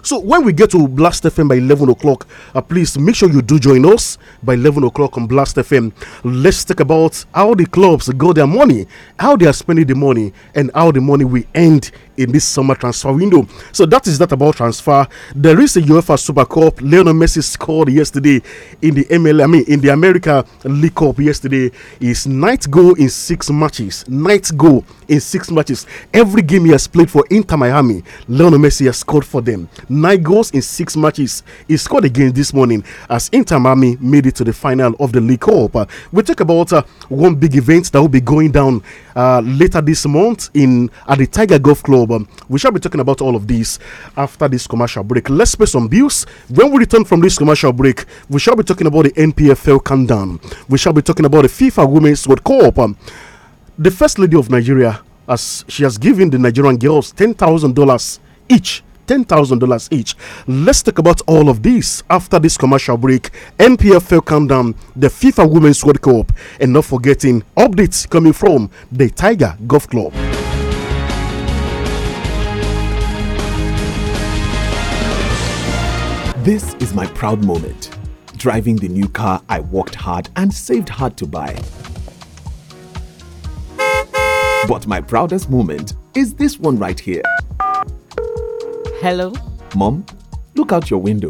So when we get to Blast FM by 11 o'clock, uh, please make sure you do join us by 11 o'clock on Blast FM. Let's talk about how the clubs got their money, how they are spending the money, and how the money will end in this summer transfer window. So that is that about transfer. There is a UEFA Super Cup. Lionel Messi scored yesterday in the ML, I mean in the America League Cup yesterday. His ninth goal in six matches. Ninth goal in six matches. Every game he has played for Inter Miami, Lionel Messi has scored for them. Nine goals in six matches. He scored again this morning as Inter Miami made it to the final of the League Cup. Uh, we talk about uh, one big event that will be going down uh, later this month in at the Tiger Golf Club we shall be talking about all of these after this commercial break. Let's pay some bills. When we return from this commercial break, we shall be talking about the NPFL countdown. We shall be talking about the FIFA Women's World Cup. Um, the First Lady of Nigeria, as she has given the Nigerian girls $10,000 each $10,000 each. Let's talk about all of this after this commercial break. NPFL countdown, the FIFA Women's World Cup, and not forgetting updates coming from the Tiger Golf Club. This is my proud moment. Driving the new car I worked hard and saved hard to buy. But my proudest moment is this one right here. Hello? Mom, look out your window.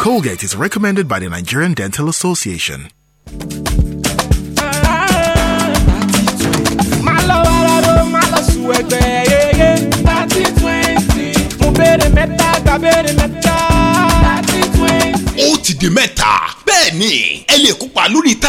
Colgate is recommended by the Nigerian Dental Association. ó oh, oh, oh, ti di mẹ́ta bẹ́ẹ̀ ni.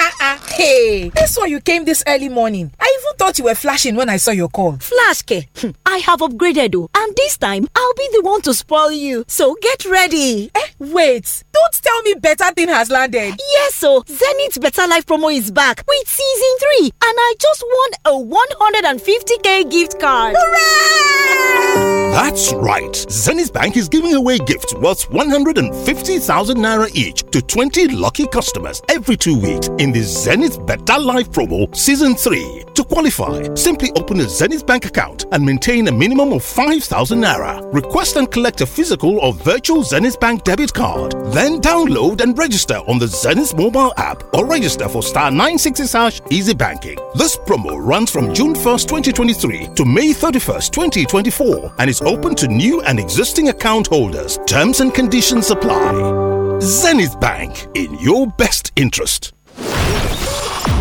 Ah, ah, hey. that's why you came this early morning. I even thought you were flashing when I saw your call. Flash, K. Hmm, I have upgraded, and this time I'll be the one to spoil you. So get ready. Eh, wait. Don't tell me better thing has landed. Yes, so Zenith Better Life promo is back with season 3 and I just won a 150k gift card. Hooray! That's right. Zenith Bank is giving away gifts worth 150,000 naira each to 20 lucky customers every 2 weeks in the Zenith Better Life promo season 3. To qualify, simply open a Zenith Bank account and maintain a minimum of 5,000 naira. Request and collect a physical or virtual Zenith Bank debit card. Then then download and register on the Zenith mobile app or register for star 960 hash easy banking. This promo runs from June 1st, 2023 to May 31st, 2024 and is open to new and existing account holders. Terms and conditions apply. Zenith Bank in your best interest.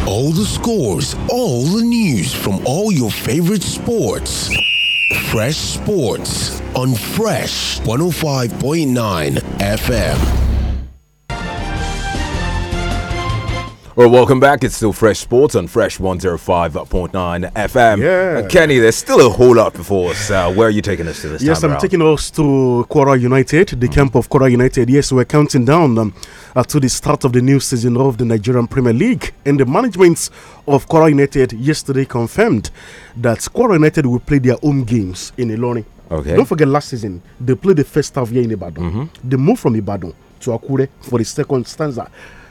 All the scores, all the news from all your favorite sports. Fresh Sports on Fresh 105.9 FM. Well, welcome back. It's still Fresh Sports on Fresh 105.9 FM. Yeah. Uh, Kenny, there's still a whole lot before us. Uh, where are you taking us to this yes, time? Yes, I'm taking us to Quora United, the mm. camp of Quora United. Yes, we're counting down um, uh, to the start of the new season of the Nigerian Premier League. And the management of Quora United yesterday confirmed that Quora United will play their home games in Ilorin. Okay. Don't forget last season, they played the first half here in Ibadan. Mm -hmm. They moved from Ibadan to Akure for the second stanza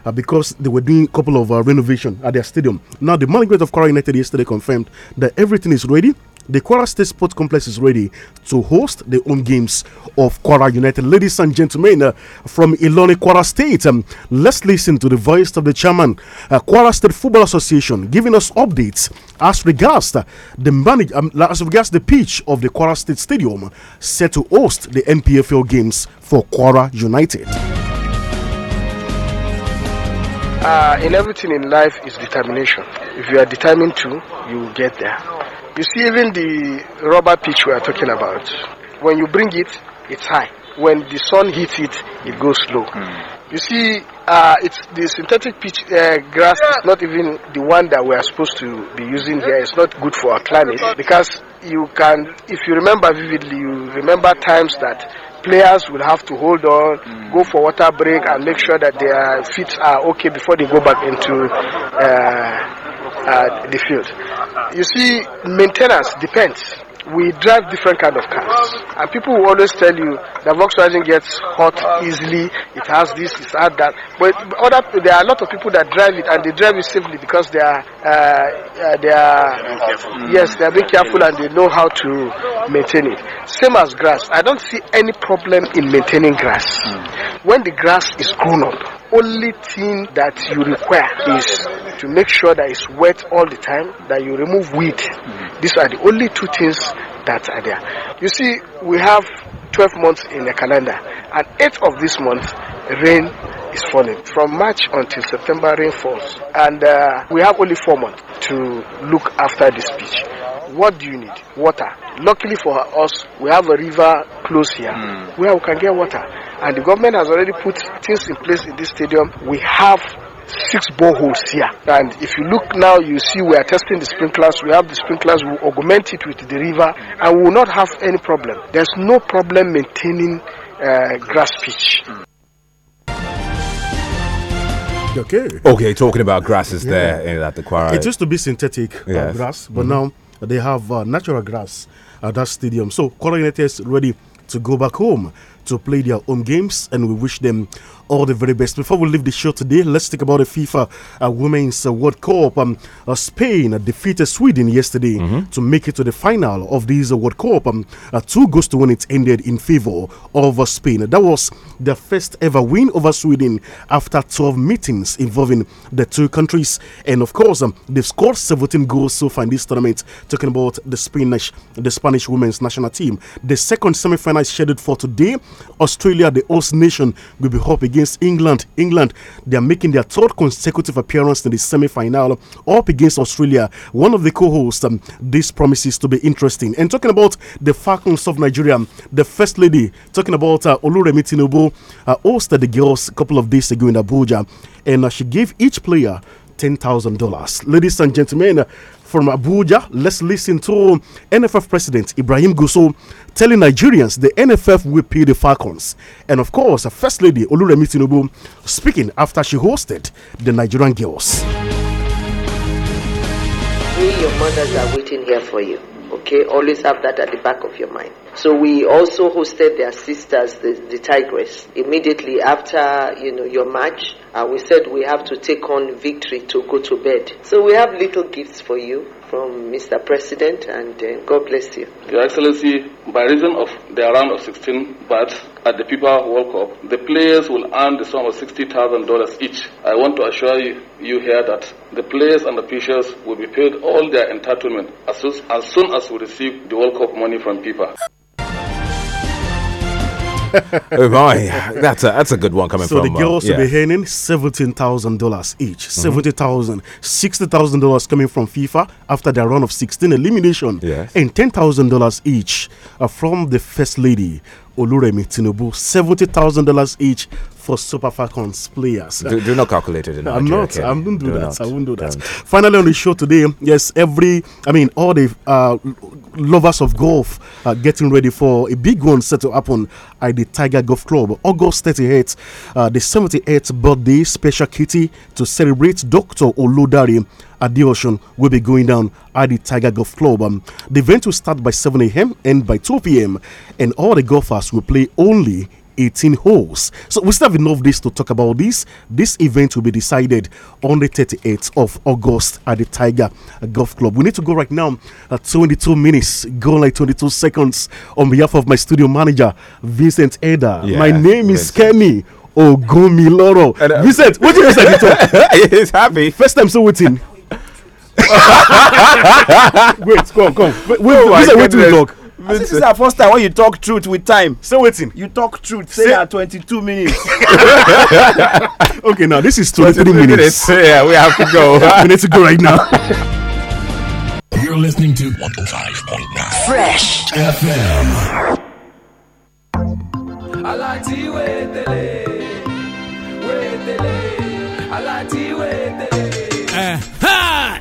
uh, because they were doing a couple of uh, renovation at their stadium. Now, the management of Kwara United yesterday confirmed that everything is ready. The Kwara State Sports Complex is ready to host the home games of Kwara United. Ladies and gentlemen, uh, from Iloni Kwara State, um, let's listen to the voice of the chairman, uh, Kwara State Football Association, giving us updates as regards uh, the manage, um, as regards the pitch of the Kwara State Stadium set to host the NPFL games for Kwara United. Uh, in everything in life is determination. If you are determined to, you will get there. You see, even the rubber pitch we are talking about, when you bring it, it's high. When the sun hits it, it goes slow Mm. You see, uh, it's the synthetic pitch uh, grass is not even the one that we are supposed to be using here. It's not good for our climate because you can, if you remember vividly, you remember times that players will have to hold on, mm. go for water break, and make sure that their feet are okay before they go back into uh, uh, the field. You see, maintenance depends. we drive different kind of cars. And people will always tell you that Volkswagen gets hot easily, it has this, it has that. But other, there are a lot of people that drive it and they drive it safely because they are, uh, uh, they are yes, they are being careful and they know how to maintain it. Same as grass. I don't see any problem in maintaining grass. When the grass is grown up, only thing that you require is to make sure that it's wet all the time, that you remove weed. These are the only two things that idea. You see, we have 12 months in the calendar, and eight of these months, rain is falling. From March until September, rain falls, and uh, we have only four months to look after this beach. What do you need? Water. Luckily for us, we have a river close here mm. where we can get water. And the government has already put things in place in this stadium. We have six boreholes here. And if you look now, you see we are testing the sprinklers. We have the sprinklers, we will augment it with the river, and we will not have any problem. There's no problem maintaining uh, grass pitch. Okay. Okay, talking about grasses yeah. there that eh, the quarry. It used to be synthetic uh, yes. uh, grass, but mm -hmm. now they have uh, natural grass at that stadium. So, Coral is ready to go back home to play their own games, and we wish them all the very best. Before we leave the show today, let's talk about the FIFA uh, Women's uh, World Cup. Um, uh, Spain uh, defeated Sweden yesterday mm -hmm. to make it to the final of this uh, World Cup. Um, uh, two goals to one, it ended in favor of Spain. That was the first ever win over Sweden after 12 meetings involving the two countries. And of course, um, they've scored 17 goals so far in this tournament. Talking about the Spanish, the Spanish women's national team. The second semi-final is scheduled for today. Australia, the host nation, will be hoping against England. England, they are making their third consecutive appearance in the semi final, up against Australia. One of the co hosts, um, this promises to be interesting. And talking about the Falcons of Nigeria, the First Lady, talking about uh, Oluremi Tinubu, uh, hosted the girls a couple of days ago in Abuja, and uh, she gave each player $10,000. Ladies and gentlemen, from Abuja. Let's listen to NFF President Ibrahim Gusso telling Nigerians the NFF will pay the Falcons. And of course, First Lady Oluremi Tinubu speaking after she hosted the Nigerian girls. We, your mothers, are waiting here for you. Okay, always have that at the back of your mind. So we also hosted their sisters, the, the Tigress, immediately after you know your match uh, we said we have to take on victory to go to bed. So we have little gifts for you from Mr. President, and uh, God bless you. Your Excellency, by reason of the round of 16 but at the FIFA World Cup, the players will earn the sum of $60,000 each. I want to assure you here that the players and officials will be paid all their entitlement as soon as, soon as we receive the World Cup money from FIFA. oh my, that's a that's a good one coming so from. So the girls uh, yeah. will be earning seventeen thousand dollars each, mm-hmm. seventy thousand, sixty thousand dollars coming from FIFA after their run of sixteen elimination, yes. and ten thousand dollars each uh, from the first lady. Oluremi Tinubu, seventy thousand dollars each for Super Falcons players. Do, do not calculate it. I'm not. I will not do, do, that. Not. I will not do that. Don't. Finally, on the show today, yes, every I mean, all the uh, lovers of golf are getting ready for a big one set to happen at the Tiger Golf Club, August 38th, uh, the 78th birthday special kitty to celebrate Dr. Oludari at the ocean will be going down at the Tiger Golf Club. Um, the event will start by 7 a.m. and by 2 p.m. and all the golfers will play only 18 holes. So we still have enough days to talk about this. This event will be decided on the 38th of August at the Tiger Golf Club. We need to go right now at uh, 22 minutes, go like 22 seconds on behalf of my studio manager, Vincent Eder. Yeah, my name is Kenny. Ogumiloro. Loro. uh, Vincent, what do you say? He's happy. First time so waiting. wait, come, come. Wait, oh Vincent, wait to talk. I this is our first time when you talk truth with time. So waiting. You talk truth. Say, say at 22 minutes. okay, now this is 23, minutes. minutes. Yeah, we have to go. we need to go right now. You're listening to 105.9 Fresh FM.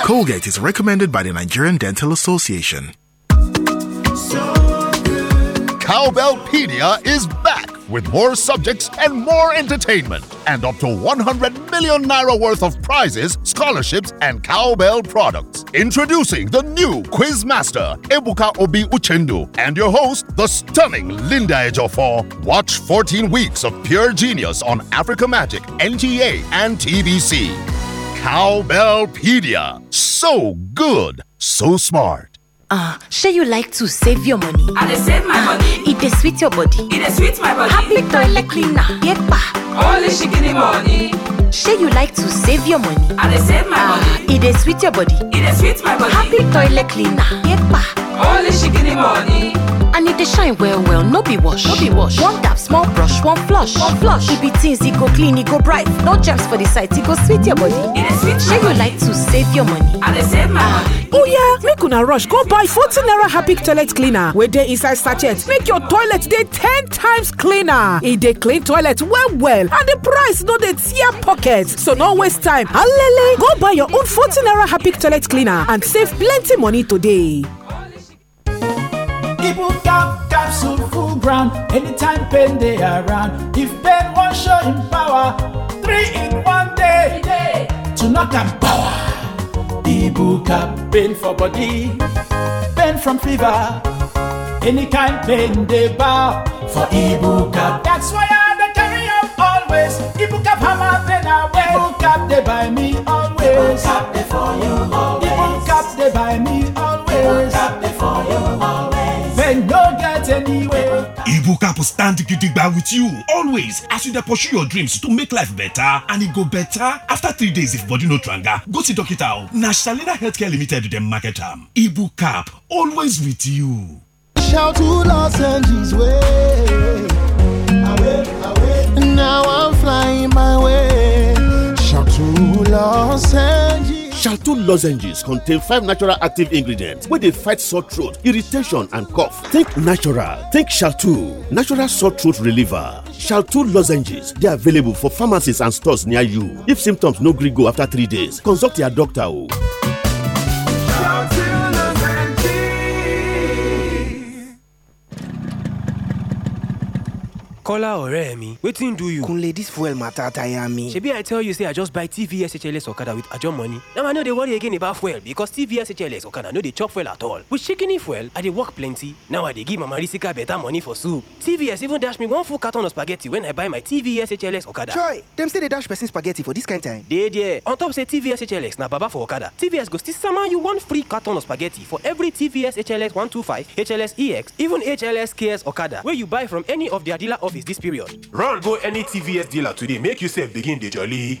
Colgate is recommended by the Nigerian Dental Association. So Cowbellpedia is back with more subjects and more entertainment, and up to 100 million naira worth of prizes, scholarships, and cowbell products. Introducing the new Quizmaster, Ebuka Obi Uchendu, and your host, the stunning Linda Ejofor. Watch 14 weeks of pure genius on Africa Magic, NTA, and TBC. Cowbellpedia. So good, so smart. Ah, uh, sure you like to save your money. I dey save my uh, money. It dey sweet your body. It dey sweet my body. Happy toilet cleaner. Yepa. Only shikini money. Sure you like to save your money. I dey save my uh, money. It dey sweet your body. It dey sweet my body. Happy toilet cleaner. Yepa. Only shikini money. And it dey shine well well, no be wash. No be wash. One dab, small brush, one flush. One flush. It be things, it go clean, it go bright. No germs for the site, it go sweet your body. It is sweet. Shey you like to save your money? I dey save my money. Oh yeah, make una rush go buy 40 naira happy toilet cleaner Where they inside sachet. Make your toilet day 10 times cleaner. E dey clean toilet well well and the price no dey tear pocket. So no waste time. Alele, go buy your own 40 naira happy toilet cleaner and save plenty money today. People cap capsule full ground. Anytime pain they around. If pain will show in power, three in one day. day. To knock and power. Ibu cap pain for body, pain from fever. Any kind pain they bow for Ibu cap. That's why I they carry up always. Ibu cap hammer pain away. Ibu cap they buy me always. Ibu cap they for you always. Ibu cap they buy me always. Ibu cap they for you always. dem no get anywhere. Igbo cap stand gidigba with you always as you dey pursue your dreams to make life better and e go better after three days if body no tranga go see doctor o na Shalina Healthcare Limited dem market am. Igbo cap always with you. Shout to Los Angeles way. Away, away. Now I'm flying my way. Shout to Los Angeles. Shalto lozenges contain five natural active ingredients where they fight sore throat, irritation and cough. Think natural, think Shalto, natural sore throat reliever. Shalto lozenges They are available for pharmacies and stores near you. If symptoms no gree go after three days, consult your doctor o. Kola ọ̀rẹ́ mi, wetin do you? Kunle dis fuel matter tire me. Shebi I tell you say I just buy TVS HLS Okada with Ajo money. Now I no dey worry again about fuel because TVS HLS Okada no dey chop fuel at all. With shikini fuel, I dey work plenty. Now I dey give Mama Risika better money for soup. TVS even dash me one full carton of spaghetti when I buy my TVS HLS Okada. Joy, dem still dey dash person spaghetti for dis kind time. Dey there. On top say TVS HLS na baba for Okada. TVS go still sama you one free carton of spaghetti for every TVS HLS 125, HLS EX, even HLS KS Okada wey you buy from any of their dealer of office this period. Run go any TVS dealer today, make yourself begin the jolly.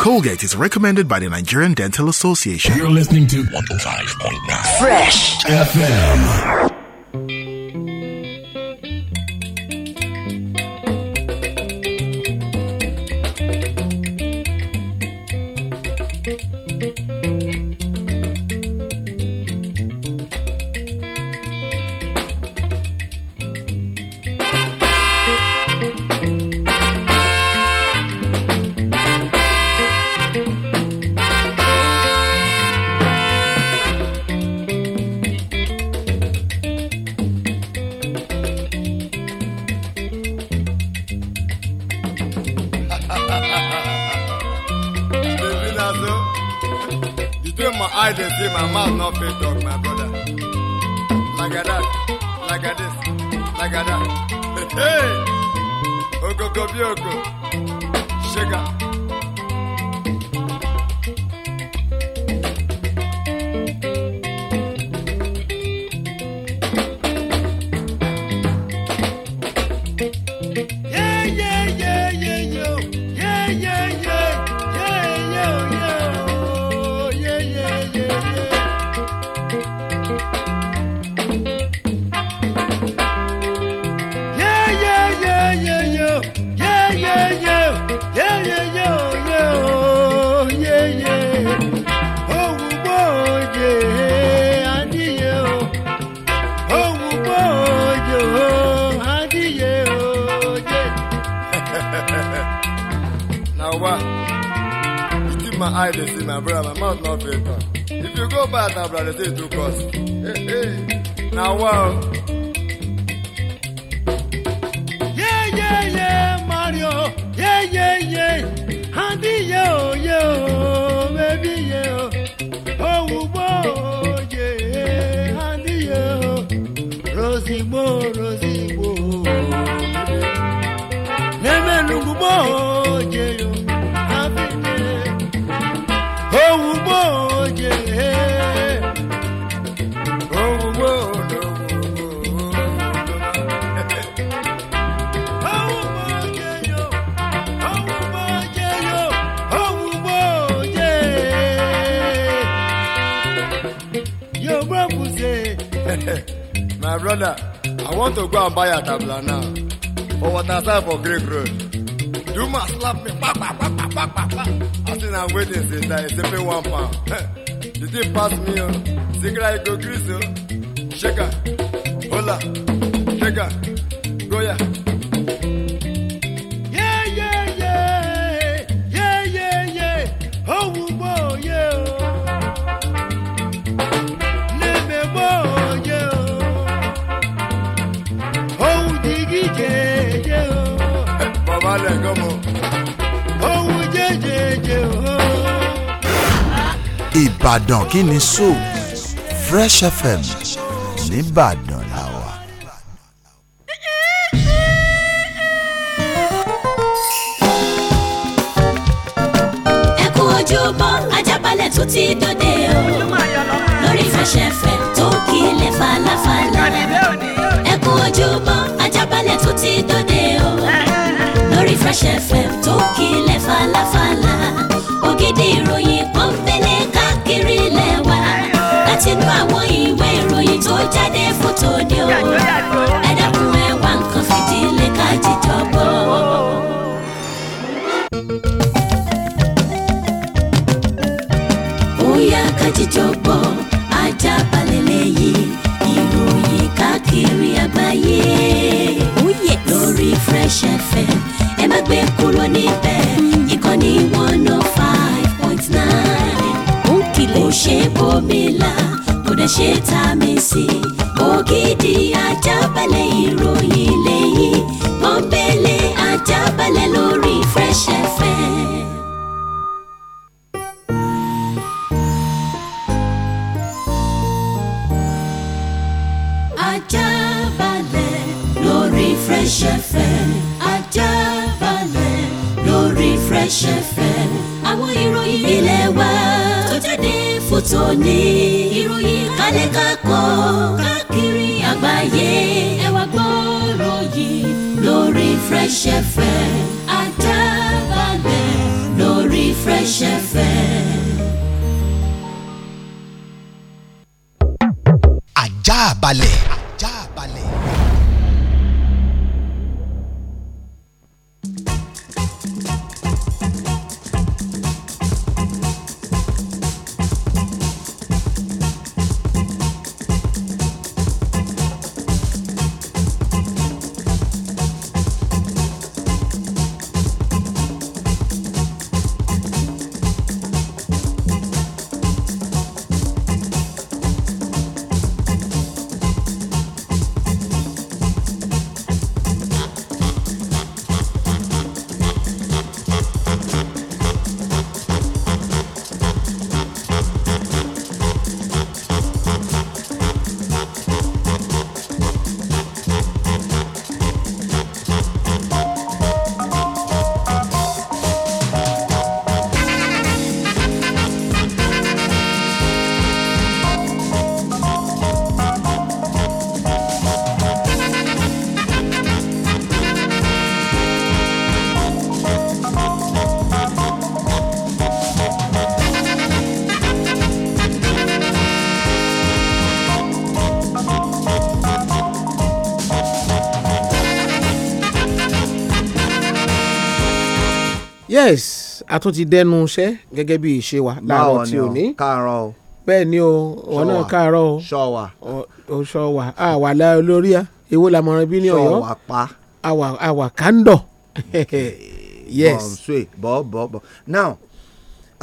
Colgate is recommended by the Nigerian Dental Association. You're listening to 105.9 Fresh FM. my eyes they see, my mouth not fit talk, my brother. Like a that, like I this, like I that. Hey, hey. Oko, go, Sugar. ìkíni soul Fresh FM nìbàdàn làwà. ẹ kú ojúbọ ajábalẹ̀ tó ti dòde o lórí Fresh FM tó kílẹ̀ falafala ẹ kú ojúbọ ajábalẹ̀ tó ti dòde o lórí Fresh FM tó kílẹ̀ falafala ògidì ìròyìn. sínú àwọn ìwé ìròyìn tó jáde fún tòde o ẹ dákun ẹ wá nǹkan fìdílé ká jíjọ bóyá ká jíjọ ajá balẹ̀ lẹ́yìn ìròyìn káàkiri àgbáyé oh, lórí Fresh FM ẹ má gbé kúrò níbẹ̀ ìkànnì one oh five point nine ó ṣe bòmílà ẹ ṣe ta mi sí i ògidì ajábalẹ̀ ìròyìn lẹ́yìn pọ́npẹ́lẹ́ ajábalẹ̀ lórí Fresh FM. ajábalẹ̀ lórí Fresh FM ajábalẹ̀ lórí Fresh FM àwọn ìròyìn ilé wa tó jáde fún tòní kákọ́ káàkiri àgbáyé ẹ wá gbọ́rọ̀ yìí lórí Fresh FM Ajaabale lórí Fresh FM. yes a tún ti dẹnu iṣẹ́ gẹ́gẹ́ bí ìṣe wa láàárọ̀ tí ò ní káàárọ̀ o bẹ́ẹ̀ ni o wọn náà káàárọ̀ o ṣọwà o ṣọwà a wà lá olórí a èwo la mọ̀ràn bí ní ọ̀yọ́ ṣọwà pa àwà àwà kàńdọ̀ yes. bọ̀ bọ̀ bọ̀ now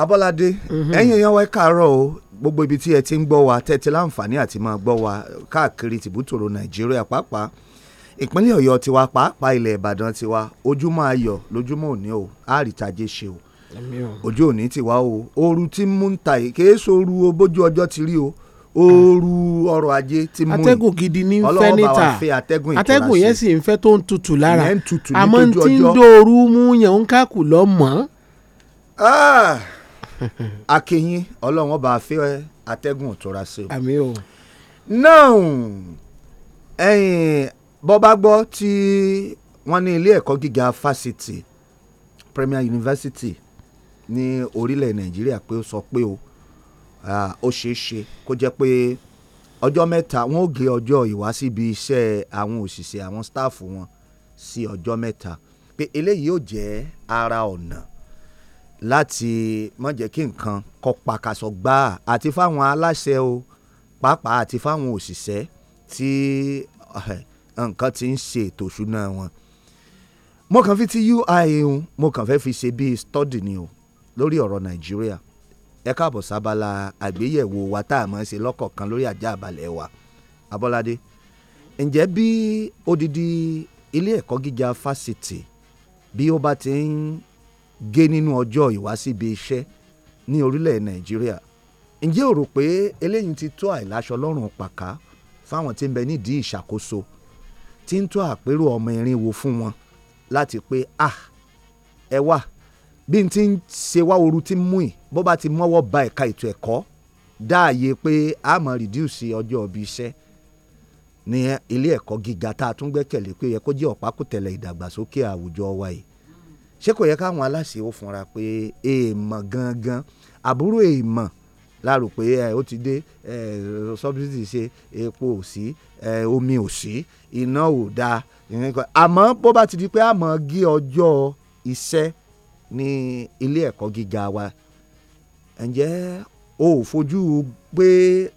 Abọ́ládé mhm. ẹ̀yin èèyàn wa ẹ káàárọ̀ o gbogbo ibi tí ẹ ti ń gbọ́ wa tẹ́tí láǹfààní àti máa gbọ́ wa káàkiri tìbútòrò Nàìjíríà pàápàá ìpínlẹ̀ ọ̀yọ́ tiwa pàápàá ilẹ̀ ìbàdàn tiwa ojúmọ́ ayọ̀ lójúmọ́ òní o àrítajé ṣe o ojú òní tiwa o ooru tí mú ń ta yìí kèé sooru o bójú ọjọ́ ti rí o ooru ọrọ̀ ajé ti mú yìí atẹ́gùn gidi ní fẹ́ níta atẹ́gùn yẹn sì ń fẹ́ tó ń tutù lára àmọ́ tí ń dòoru mú yẹn ń kákù lọ́ mọ́. akínyìn ah! ọlọ́run ọba àfẹ́ atẹ́gùn ìtura sí o. àmín o. náà ẹ̀yìn bọ́ bá gbọ́ tí wọ́n ní ilé ẹ̀kọ́ gíga fásitì Premier University ní orílẹ̀ Nàìjíríà pé ó sọ pé o ó ṣeé ṣe kó jẹ́ pé ọjọ́ mẹ́ta wọn ò gé ọjọ́ ìwásíbi iṣẹ́ àwọn òṣìṣẹ́ àwọn sítáàfù wọn sí ọjọ́ mẹ́ta pé eléyìí yóò jẹ́ ara ọ̀nà láti má jẹ́ kí nǹkan kó pakasọ gbáà àti fáwọn aláṣẹ o pàápàá àti fáwọn òṣìṣẹ́ tí nǹkan tí ń ṣe ètò ìṣúná wọn mo kàn fi ti UIA hun mo kàn fẹ́ fi ṣe bíi study ni o lórí ọ̀rọ̀ Nàìjíríà ẹ káàbọ̀ sábàlá àgbéyẹ̀wò wa tá a máa ń ṣe lọ́kọ̀ọ̀kan lórí ajá àbálẹ̀ wa Abọ́ládé ǹjẹ́ bí odidi ilé ẹ̀kọ́ gíga fásitì bí ó bá ti ń gé nínú ọjọ́ ìwásíbi iṣẹ́ ní orílẹ̀ Nàìjíríà ǹjẹ́ o rò pé eléyìí ti tó àìláṣọ lọ́rùn pàká fáwọn tí ń bẹ nídìí ìṣàkóso tí ń tó àpérò ọmọ irin wo fún wọn láti pé ah ẹ wà bí n ti ń ṣe wá ooru tí ń mú yìí bó bá ti mọ́wọ́ ba ẹ̀ka ètò ẹ̀kọ́ dáàyè pé a mọ̀ rìdíùsì ọjọ́ ibi iṣẹ́ ní ilé ẹ̀kọ́ gíga tá a tún gbẹ́kẹ̀lé pé ó yẹ kó jẹ́ ọ̀pákùtẹ̀lẹ̀ ìdàgbàsókè àwùjọ wa yìí ṣé kò yẹ káwọn aláṣẹ ó funra pé èèmọ̀ gangan àbúrò èèmọ̀ láàrò pé ó ti dé subsidy ṣe epo ò sí omi ò sí iná ò dáa àmọ́ bó bá ti di pé àmọ́ gé ọjọ́ iṣẹ́ ní ilé ẹ̀kọ́ gíga wa ǹjẹ́ o ò fojú pé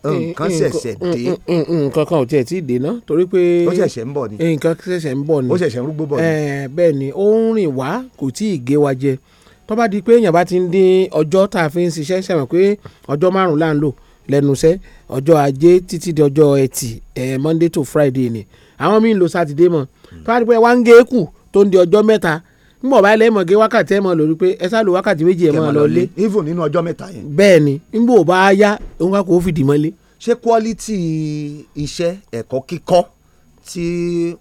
nǹkan ṣẹ̀ṣẹ̀ dé. nǹkan kan ò tiẹ̀ tí ì ná torí pé. ó ṣẹ̀ṣẹ̀ ń bọ̀ ni. nǹkan ṣẹ̀ṣẹ̀ ń bọ̀ ni. ó ṣẹ̀ṣẹ̀ ń rúgbó bọ̀ ni. bẹ́ẹ̀ ni ó ń rìn wá kò tí ì gé wa jẹ tó bá di pé èèyàn bá ti ń dín ọjọ́ tá a fi ń ṣiṣẹ́ ṣẹ̀wọ̀n pé ọjọ́ márùn-ún là ń lò lẹ́nu iṣẹ́ ọjọ́ ajé títí di ọjọ́ ẹtì monday to friday ni àwọn míì ń lo Saturday mọ́ tó bá di pé wá ń gé kù tó ń di ọjọ́ mẹ́ta nbọ báyìí lẹ́yìn mọ̀gé wákàtí ẹ̀ mọ̀ lórí pé ẹ sá lo wákàtí méjì ẹ̀ mọ̀ lọ lé. even nínú ọjọ́ mẹ́ta yẹn. bẹ́ẹ̀ ni nbọ bá yá òun kà kó o mọ́lé. ṣé quality iṣẹ́ ẹ̀kọ́ kíkọ́ tí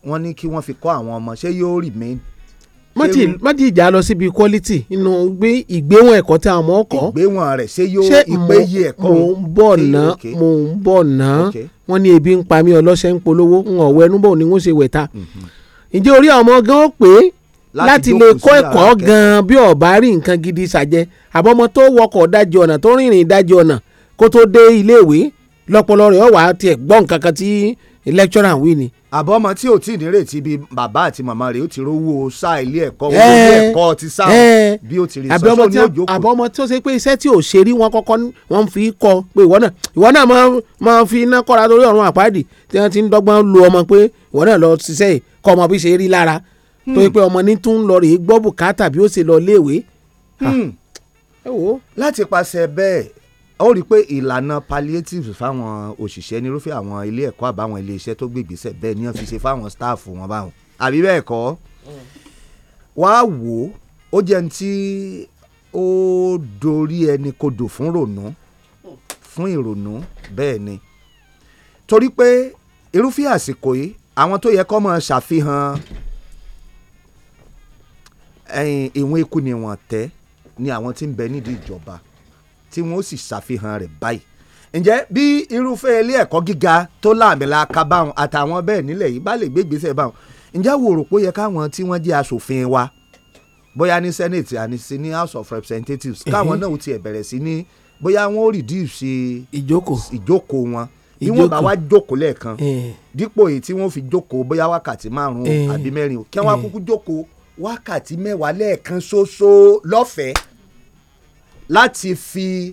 wọ́n ní kí wọ́n fi kọ́ àwọn ọmọ ṣé yóò remain má ti ìjà lọ síbi quality inú gbé ìgbéwọ̀n ẹ̀kọ́ tí àwọn ọmọ kọ́ ìgbéwọ̀n rẹ̀ ṣé yóò ìpéye ẹ̀kọ́ mo ń bọ̀ ná mo ń bọ̀ ná wọ́n ní ebi ń pa mí ọlọ́ṣẹ́ ń polówó ń ọ̀wọ́ ẹnu bọ̀ ni wọ́n ṣe wẹ̀ta mhm. ǹjẹ́ orí àwọn ọmọ gan ó pé láti lè kọ́ ẹ̀kọ́ gan bí ọ̀bá rí nǹkan gidi ṣàjẹ́ àbọ̀mọ tó wọkọ̀ dájú ọ̀nà tó rìnrìn dájú ọ̀nà kó tó dé iléèwé lọ́pọlọ rẹ̀ ọ̀wà tiẹ̀ gbọ́ nǹkan kan tí lecturer wí ni àbọ̀mọ tí ò tí ì nírètí bíi bàbá àti màmá rẹ̀ ó ti rówó sáà ilé ẹ̀kọ́ owó ilé ẹ̀kọ́ ti sáà bí ó ti rí sọ́sọ́ ní òjòkó. àbọ̀mọ tí ó ṣe pé iṣẹ́ tí ò ṣe rí wọn kọ́kọ́ wọn fi kọ pé ìwọ náà ìwọ náà máa fi iná kọ́ra lórí ọ̀run àpáàdì tí wọ́n ti ń dọ́gbọ́n lu ọmọ pé ìwọ náà lọ ṣiṣẹ́ yìí kọ́ ọmọ bí ṣe rí lára hmm. tó yẹ pé ọmọ ní tún lọ rèé gbọ́ bùkátà bí ó ṣe lọ léèwé. Hmm. Ah. láti pàṣẹ bẹ́ẹ̀ ó rí i pé ìlànà palliative fáwọn òṣìṣẹ́ nírúfẹ́ àwọn ilé ẹ̀kọ́ àbáwọn ilé iṣẹ́ tó gbègbèsẹ̀ bẹ́ẹ̀ ni wọ́n fi ṣe fáwọn staff wọn báwọn àbí bẹ́ẹ̀ kọ́ wàá wò ó ó jẹ́ ní tí ó dorí ẹni kodò fún ìrònú fún ìrònú bẹ́ẹ̀ ni torí pé irúfẹ́ àsìkò yìí àwọn tó yẹ kó máa ṣàfihàn ìwọ̀n ikú ni wọ́n tẹ́ ni àwọn tí ń bẹ nídìí ìjọba. Mm tí wọ́n sì ṣàfihàn rẹ̀ báyìí ǹjẹ́ bí irúfẹ́ ilé ẹ̀kọ́ gíga tó láàmìlaka báwọn àtàwọn bẹ́ẹ̀ nílẹ̀ yìí bá lè gbé ìgbésẹ̀ báwọn ǹjẹ́ wo rò pé yẹ káwọn tí wọ́n jẹ́ aṣòfin wa bóyá ní senate àní sí ní house of representatives káwọn náà ti ẹ̀ bẹ̀rẹ̀ sí ní bóyá wọn ò reduce ìjókòó ìjókòó wọn bí wọn bá wá jókòó lẹ́ẹ̀kan dípò èyí tí wọ́n fi jókòó bóyá wákàtí márùn-ún àbí mẹ́rin kí wọ́n kúkú jókòó wákàtí mẹ́wàá lẹ́ẹ̀kan ṣoṣo lọ́fẹ̀ẹ́ láti fi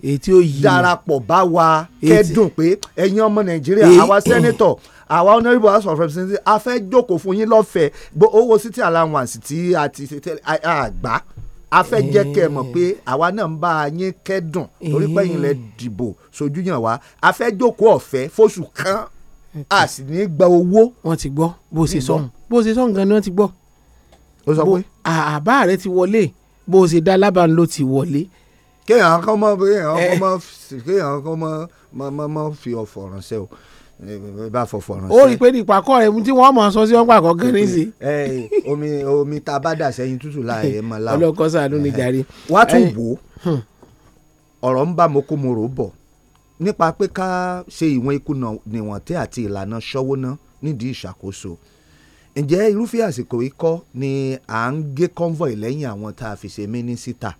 darapọ̀ bá wa kẹ́dùn pé ẹ̀yin ọmọ nàìjíríà àwa sẹ́nitọ̀ àwa honourable house of representatives a fẹ́ jókòó fún yín lọ́fẹ̀ẹ́ gbọ́ owó city allowance tí a ti gbà a fẹ́ jẹ́ kẹ́ ẹ mọ̀ pé àwa náà ń bá a yín kẹ́dùn torí pé ẹ̀yin lẹ dìbò sojú yàn wá a fẹ́ jókòó ọ̀fẹ́ fóṣù kan a sì ní gba owó. wọ́n ti gbọ́ bó ṣe sọ bó ṣe sọ nǹkan ni wọ́n ti gbọ́. ó sọ pé. àbá rẹ ti wọlé bó ṣe dá lábàá ló ti wọlé kéèyàn kọ́ mọ́ eh. kéèyàn kọ́ mọ́ kéèyàn kọ́ mọ́ mọ́ mọ́ mọ́ fi ọ̀fọ̀ ránṣẹ́ o eh, bá fọ̀fọ̀ ránṣẹ́. ó rí i pé nípakọ́ rẹ̀ tí wọ́n mọ̀ ọ́ sọ sí ọ́pàá kan gan ní sí. Eh, omi omi tá a bá dà sẹ́yìn tútù láàyè mọ́ láwọ̀. ọlọ́kọ́ sàánú ni jàre. wá tún wò ó hmm. ọ̀rọ̀ ń bá mokomoro bọ̀ nípa pé ká ṣe ìwọ̀n ikú níwọ̀ntẹ́ àti ìlànà ṣọ́wó ná nídìí ìṣàkóso ǹjẹ́ irúfẹ́ àsìkò ikọ́ ni à ń gé convoy lẹ́yìn àwọn tá a fi ṣe mínísítà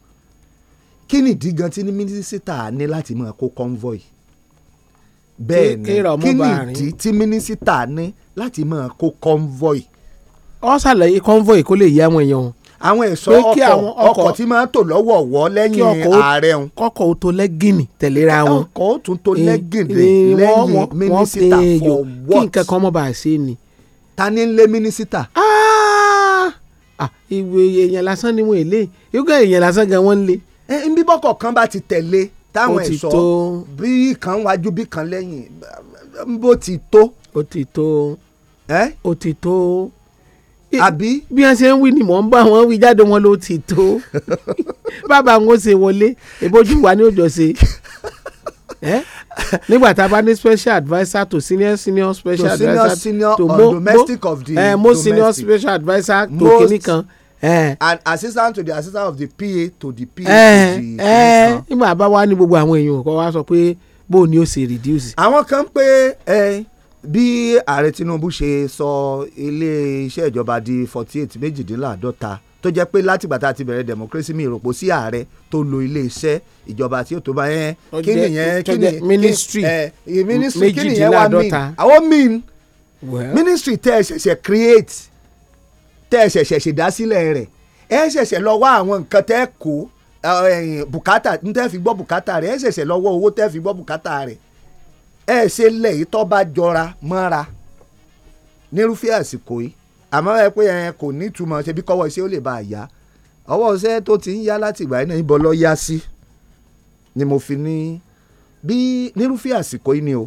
kí nìdí gan tí mínísítà ní láti máa kó convoy bẹ́ẹ̀ ni kí nìdí tí mínísítà ní láti máa kó convoy. ó ṣàlàyé convoy kó lè yí àwọn èèyàn àwọn ẹ̀ṣọ́ ọkọ̀ ọkọ̀ tí máa ń tò lọ́wọ́ọ̀wọ́ lẹ́yìn ààrẹ òun. kọkọ̀ ó tó lẹ́gìnì tẹ̀léra wọn. ọkọ̀ ó tún tó lẹ́gìnì lẹ́yìn mínísítà for what. kí nǹkan kan mọ̀ bá a ṣe ni. ta ni ń lé mínísítà. Ah! Ah, ìwé èèyàn lásán ni wọ́n èlé ìgbà èèyàn lásán gan wọ́n ń lé ń eh, bí bọ́kọ̀ kan bá ti tẹ̀lé táwọn ẹ̀ sọ bí kan wájú bí kan lẹ́yìn bó ti tó. ó ti tó. ẹ́ eh? ó ti tó. àbí. bí wọ́n ṣe ń wí ni mò ń bá wọn wí jáde wọn ló ti tó. bàbá wọn ṣe wọlé ìbójú wa ní òjò ṣe eh? nígbà tá a bá ní special adviser to senior senior special to adviser senior, to mo mo eh, mo senior special adviser to kìnnìkan Eh. and assistant to the assistant of the PA to the PA to the eh, eh. commissioner. ìmọ̀ àbáwá ní gbogbo àwọn èèyàn kan wá sọ pé bó ni ó ṣe reduce. àwọn kan pé ẹ bí ààrẹ Tinubu ṣe sọ ilé iṣẹ́ ìjọba di forty eight méjìdínláàdọ́ta tó jẹ́ pé látìgbà tá a ti bẹ̀rẹ̀ democracy mi ìròpò sí ààrẹ tó lo ilé iṣẹ́ ìjọba tí ó tó bá yẹn kí nìyẹn kí nìyẹn ministry ministry kí nìyẹn wá mean mean ministry tẹ́ ẹ ṣẹ̀ṣẹ̀ create tẹ́ ẹ ṣẹ̀ṣẹ̀ ṣèdásílẹ̀ rẹ̀ ẹ ṣẹ̀ṣẹ̀ lọ wá àwọn nǹkan tẹ́ kó bùkátà ń tẹ́ fi gbọ́ bùkátà rẹ̀ ẹ ṣẹ̀ṣẹ̀ lọ wọ́ owó tẹ́ fi gbọ́ bùkátà rẹ̀ ẹ ṣe lẹ̀ yìí tọ́ bá jọra mọ́ra nírúfẹ́ àsìkò yìí àmọ́ ẹ pé ẹ kò ní ìtumọ̀ ṣe bí kọ́wọ́ iṣẹ́ ó lè bá a yá ọwọ́ iṣẹ́ tó ti ń yá láti ìgbà yìí náà ibo yá sí ni mo fi ní bí nírúfẹ́ àsìkò yìí ni o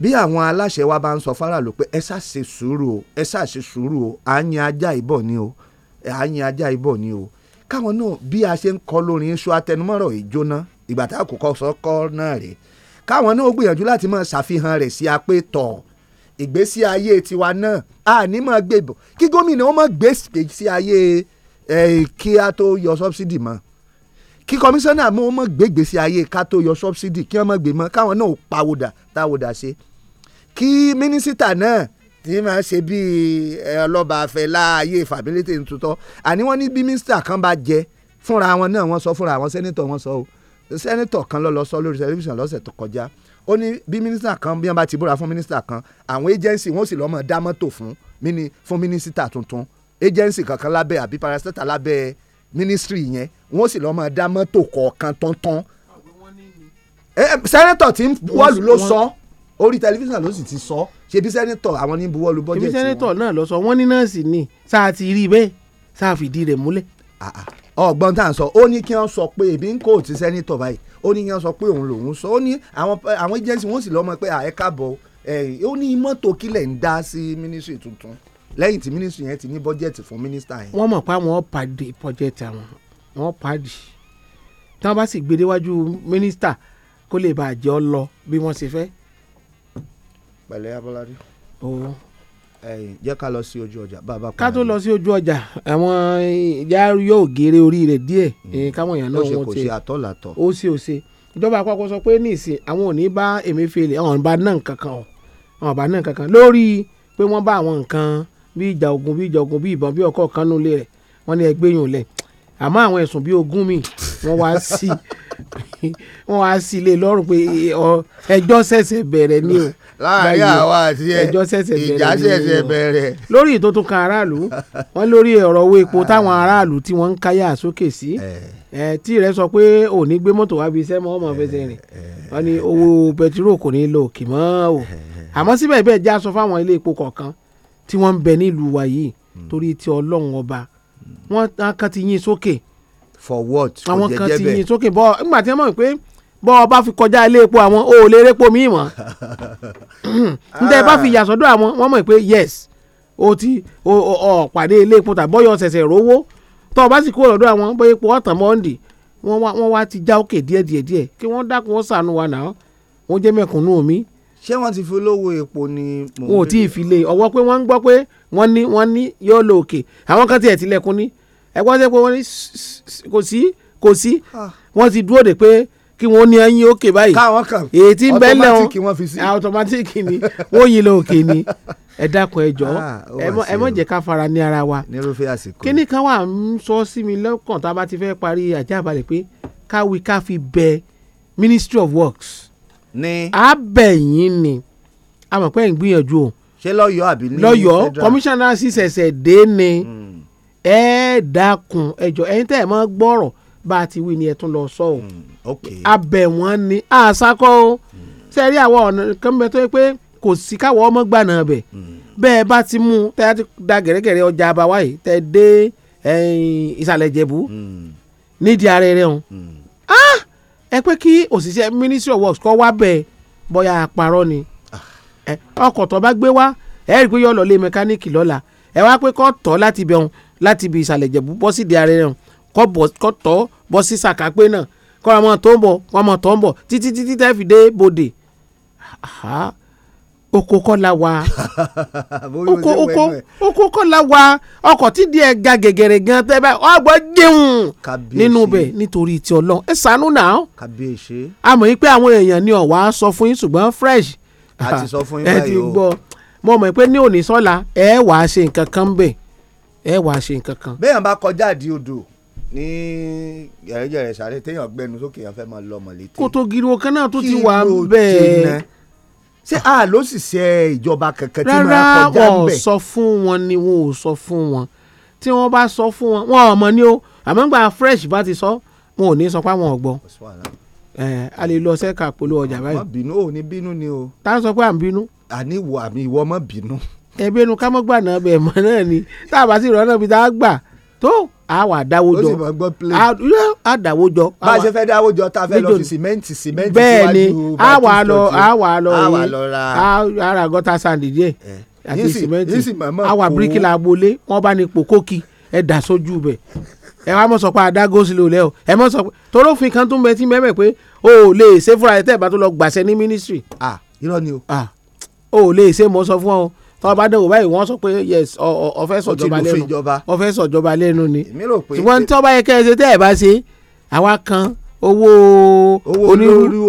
bí àwọn aláṣẹ wa bá ń sọ fáráàlú pé ẹ ṣàṣe sùúrù o ẹ ṣàṣe sùúrù o à ń yin ajá ìbọ̀ ni o à ń yin ajá ìbọ̀ ni o káwọn náà bí a ṣe ń kọ lórin iṣu atẹnumọ́rọ̀ ìjóná ìgbà tá a kò kọ́ sọ kọ́ náà rèé káwọn náà gbìyànjú láti máa ṣàfihàn rẹ̀ sí apẹ́ ìgbésí ayé tiwa náà a ní máa gbé bọ̀ kí gómìnà ó máa gbé ìgbésí ayé kí a tó yọ sọ́bsidì mọ́ kí kọmíṣánná mọ́ ó máa gbé ìgbésí ayé ká tó yọ sọ́bsidì kí wọ́n máa gbé káwọn náà pawòdà táwòdà ṣe kí mínísítà náà tí máa ṣe bíi ọlọ́ba afẹ́lá ayé fàmílétè tuntun àní wọ́n ní bí mínísítà kan bá jẹ fúnra wọn náà wọ́n sọ fúnra àwọn sẹ́nitọ̀ wọn sọ o sẹ́nitọ̀ kan ló lọ sọ lórí tẹlifíṣàn lọ́sẹ̀ tó kọjá ó ní bí mínísítà kan bí wọ́n bá ti búra fún mínísítà kan àwọn agency wọn ò sì lọ́mọ dá mọ́tò fún fún mínísítà tuntun agency kankan lábẹ́ àbí parastatal lábẹ́ ministry yẹn wọ́n sì lọ́mọ dá mọ́tò kọ̀ọ̀kan tọ́ntọ́n sẹ́nitọ̀ tí wọ́ọ̀lù ló sọ orí tẹlifíṣàn ló sì ti sọ ṣebí sẹ́nitọ̀ àwọn ní buwọ́lu bọ́jẹ̀tì wọn. ṣebí sẹ́nitọ̀ náà lọ sọ wọ́n ní nọ́ọ̀sì ni sáà ti rí bẹ́ẹ̀ sáà fìdí rẹ̀ múlẹ̀. Ah, ah. ọgbọ́n tá à ń sọ ó ní kí wọ́n sọ pé èmi ń kó ti sẹ́nitọ̀ báyìí ó ní kí wọ́n sọ pé òun lòun sọ ó ní àwọn agency wọn sì lọ́mọ pé àẹ́ káàbọ̀ ó ní mọ́tò kílẹ̀ ń dá sí ministry tuntun lẹ́yìn tí ministry yẹn ti ní bọ́jẹ̀tì minister yẹn. wọ́n mọ̀ pé àwọn pàdé bọ́jẹ̀tì àwọn wọ́n pàdé tí minister kó lè bàjẹ́ ọ lọ bí wọ́n pẹ̀lẹ́ abọ́ládé. o. ẹyìn jẹ́ ká lọ sí ojú ọjà bàbá kan. ká tó lọ sí ojú ọjà àwọn ìyá yóò gèrè orí rẹ̀ díẹ̀ hmm. káwọn èèyàn náà wọ́n ti ó ṣe kò ṣe àtọ́làtọ̀. ó ṣe ó ṣe ìjọba àpapọ̀ sọ pé ní ìsìn àwọn ò ní bá Emefiele àwọn ò bá náà kankan o àwọn ò bá náà kankan lórí pé wọ́n bá àwọn nǹkan bí ìjà ogun bí ìjà ogun bí ìbọn bí ọkọ̀ kan nulẹ̀ rẹ̀ wọ́n ní ẹgbẹ́ yòó lẹ̀ àmọ́ àwọn ẹ̀sùn bíi ogún mi wọ́n wá sí wọ́n wá sí ilé lọ́rùn pé ẹjọ́ ṣẹ̀ṣẹ̀ bẹ̀rẹ̀ ni o láàrin àwa àti ẹ ìjà ṣẹ̀ṣẹ̀ bẹ̀rẹ̀. lórí ìtótó kan aráàlú wọn lórí ọ̀rọ̀ owó epo táwọn ah. aráàlú tí wọ́n ń káyà sókè sí eh. Eh, tí rẹ sọ pé ò gbé mọ́tò wá bí iṣẹ́ mọ́ ọmọ eh. fẹsẹ̀ rìn wọn ni owó bẹtiró kò ní lò kì mọ́ o àmọ́ síbẹ̀ bẹ́ẹ̀ já sọ fáwọn ilé epo kọ̀ọ̀kan tí wọ́n ń bẹ nílùú wa yìí hmm. torí ti ọlọ́run ọba wọn kan ti yín sókè. for what kò jẹ́ jẹ́ àwọn kan ti yín sókè bọ́ nígbà tí wọ́n mọ̀ pé bọ́ ọ bá fi kọjá ilé epo àwọn o ò lè répo mọ́ bá fi ah. yà sọ́dọ̀ àwọn wọ́n mọ̀ pé yes o ti ọ pàdé ilé epo tàbí bọ́yọ̀ ṣẹ̀ṣẹ̀ rówó tọ́ bá sì kó àwọn bóyá ọ̀tàn mọ́ndì wọ́n wá ti já òkè díẹ̀ díẹ̀ díẹ̀ kí wọ́n dákun wa náà àwọn kan kí wọ́n ní ẹyin òkè báyìí káwọn kan èyí tí ń bẹ́ lẹ́ wọn ọ̀tọ̀mátìkì ni wọ́n yin lọ òkè ni ẹ dákun ẹ jọ̀ọ́ ah, ẹ mọ̀ jẹ́ ká fara ní ara wa kíní kan wà ń sọ sí mi lọ́kàn tá a bá ti fẹ́ parí ajá balẹ̀ pé káwí ká fi bẹ ministry of works ní abẹ́yìn ni amọ̀pẹ́ ń gbìyànjú o ṣé lọ́yọ̀ọ́ àbí ní federal lọ́yọ̀ọ́ commissioner sì ṣẹ̀ṣẹ̀ dé ni hmm. ẹ dákun ẹ jọ̀ọ́ ẹ̀yin tẹ́ ẹ mọ́ gbọ́rọ̀ bá a ti wí ni ẹ tún lọ sọ o hmm, abẹ wọn ni àṣàkọ o hmm. ṣe rí àwọn ọ̀nà kan bẹ tó yẹ pé kò sí káwọ ọmọ gbà náà bẹ hmm. bẹ́ẹ̀ bá ti mú tẹ́ ẹ ti da gẹ̀rẹ́gẹ̀rẹ́ ọjà àbáwá yìí tẹ́ ẹ dé ìsàlẹ̀ Ìjẹ̀bú nídìí ara rẹ̀ hàn ah! ẹ pé kí òṣìṣẹ́ Ministry of Works kọ́ wá bẹ́ẹ̀ bóyá àparọ́ ni ah. ọkọ̀ tó bá gbé wá ẹ rí i pé yọ lọ lé mẹkáníìkì lọ́la ẹ wá pé kọ́ tọ́ láti bẹ̀ hàn láti ibi ìsàlẹ̀ Ìjẹ̀bú bọ́ sí ara rẹ̀ hàn kọ́ tọ́ bọ́ sí sàkápé náà kọ́ ọmọ tó ń bọ̀ kọ́ ọmọ tó ń bọ̀ títí títí tẹ́ fi dé bòde oko kọ́ la wa oko oko oko kọ́ la wa ọkọ̀ tí díẹ̀ ga gẹ̀gẹ̀rẹ̀ gan tẹ́ báyìí ọgbọ́n jẹun nínú bẹ̀ nítorí ti ọlọ́run ẹ ṣàánú náà àmọ́ yìí pé àwọn èèyàn ni ọ̀wá sọ fún yín ṣùgbọ́n fresh àti sọ fún yín báyìí mo mọ̀ pé ní òní sọ́la ẹ wàá ṣe nǹkan kan bẹ̀ ẹ wàá ṣe nǹkan kan. bẹ́ẹ̀ bá kọjá àdí odò ní gẹ̀rẹ́gẹ̀rẹ́ sáré téèyàn gbẹnu sókè yẹn fẹ́ máa lọ ọmọ létí. kòtò giriwo kan náà tó ti wà bẹ́ẹ̀. ṣé a ló sì ṣe ìjọba kankan tí máa kọjá bẹ́ẹ̀. rárá wọn ò sọ fún wọn ni wọn ò sọ fún wọn tí wọ́n bá sọ fún wọn wọn ò mọ̀ ni o àmọ́ gba fresh bá ti sọ wọn ò ní sọ pé àwọn ò gbọ́ a lè lọ sẹ́ka polówó ọjà báyìí. àmọ́ bínú ò ní bínú ni o. tá a sọ pé à ń bínú. àní ìwọ àmì ìwọ mọ́ bínú. ẹ̀bínú a bá sì rọ́ náà bí tá a tó a wà dáwó jọ ó sì mọ̀ gbọ́ play a dáwó jọ. bá a ṣe fẹ́ dáwó jọ ta fẹ́ lọ fi sìmẹ́ǹtì sìmẹ́ǹtì síwájú bẹ́ẹ̀ni a wà lọ a wà lọ a ra gọ́tà sand díẹ̀ àti sìmẹ́ǹtì a wà bíríkìlà agboolé wọ́n bá ní pò kókì ẹ̀ dà sójú bẹ̀ ẹ wá mọ̀ sọ pé adá gósì lò o ẹ mọ̀ sọ pé toró fi kan tún bẹ tí mẹ́mẹ́ pé o ò lè ṣe fúnra ẹ̀ tẹ́ ẹ bá tó lọ gbàṣẹ ní mínísírì. ah irọ́ ni o. ah o ò lè ṣe mọ́ sọ fún ọ tọ́ bá dẹ̀wò báyìí wọ́n sọ pé yes ọ̀fẹ́ sọ̀jọba lẹ́nu ọ̀fẹ́ sọ̀jọba lẹ́nu ni ṣùgbọ́n tí wọ́n bá yẹ kẹ́ ẹ ṣe tẹ́ ẹ bá ṣe àwa kan owó onírúurú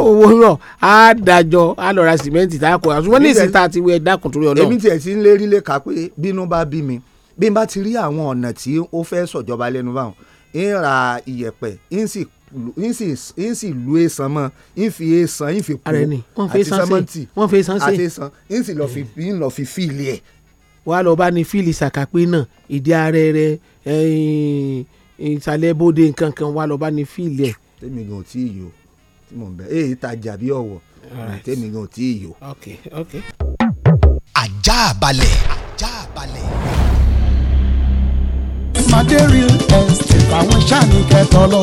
owó rọ̀ á dájọ́ á lọ ra sìmẹ́ǹtì tá a kọ̀ ṣùgbọ́n ní ìsìn tá a ti wẹ̀ dákùn torí ọlọ́run. èmi tiẹ̀ ti ń lé rí lè kà pé bínú bá bí mi bí n bá ti rí àwọn ọ̀nà tí ó fẹ́ sọ̀jọba lẹ́nu báwọn ń ra iyẹ̀pẹ̀ ń sì n sì lu esan mọ n fi esan n fi kú àti sẹmẹǹtì wọn fi esan se àti sì lọ fi n lọ fi fíìlì ẹ. wà á lọ bá ní fíìlì sàkápé náà ìdí ààrẹ rẹ ìsàlẹ̀ bóde nǹkan wà á lọ bá ní fíìlì ẹ. tèmi gan tí yìí tí mò ń bẹ èyí tajà bí ọwọ tèmi gan tí yìí okay okay. ajá balẹ̀. ajá balẹ̀ máa dé real estate àwọn sáà ní kẹtọ lọ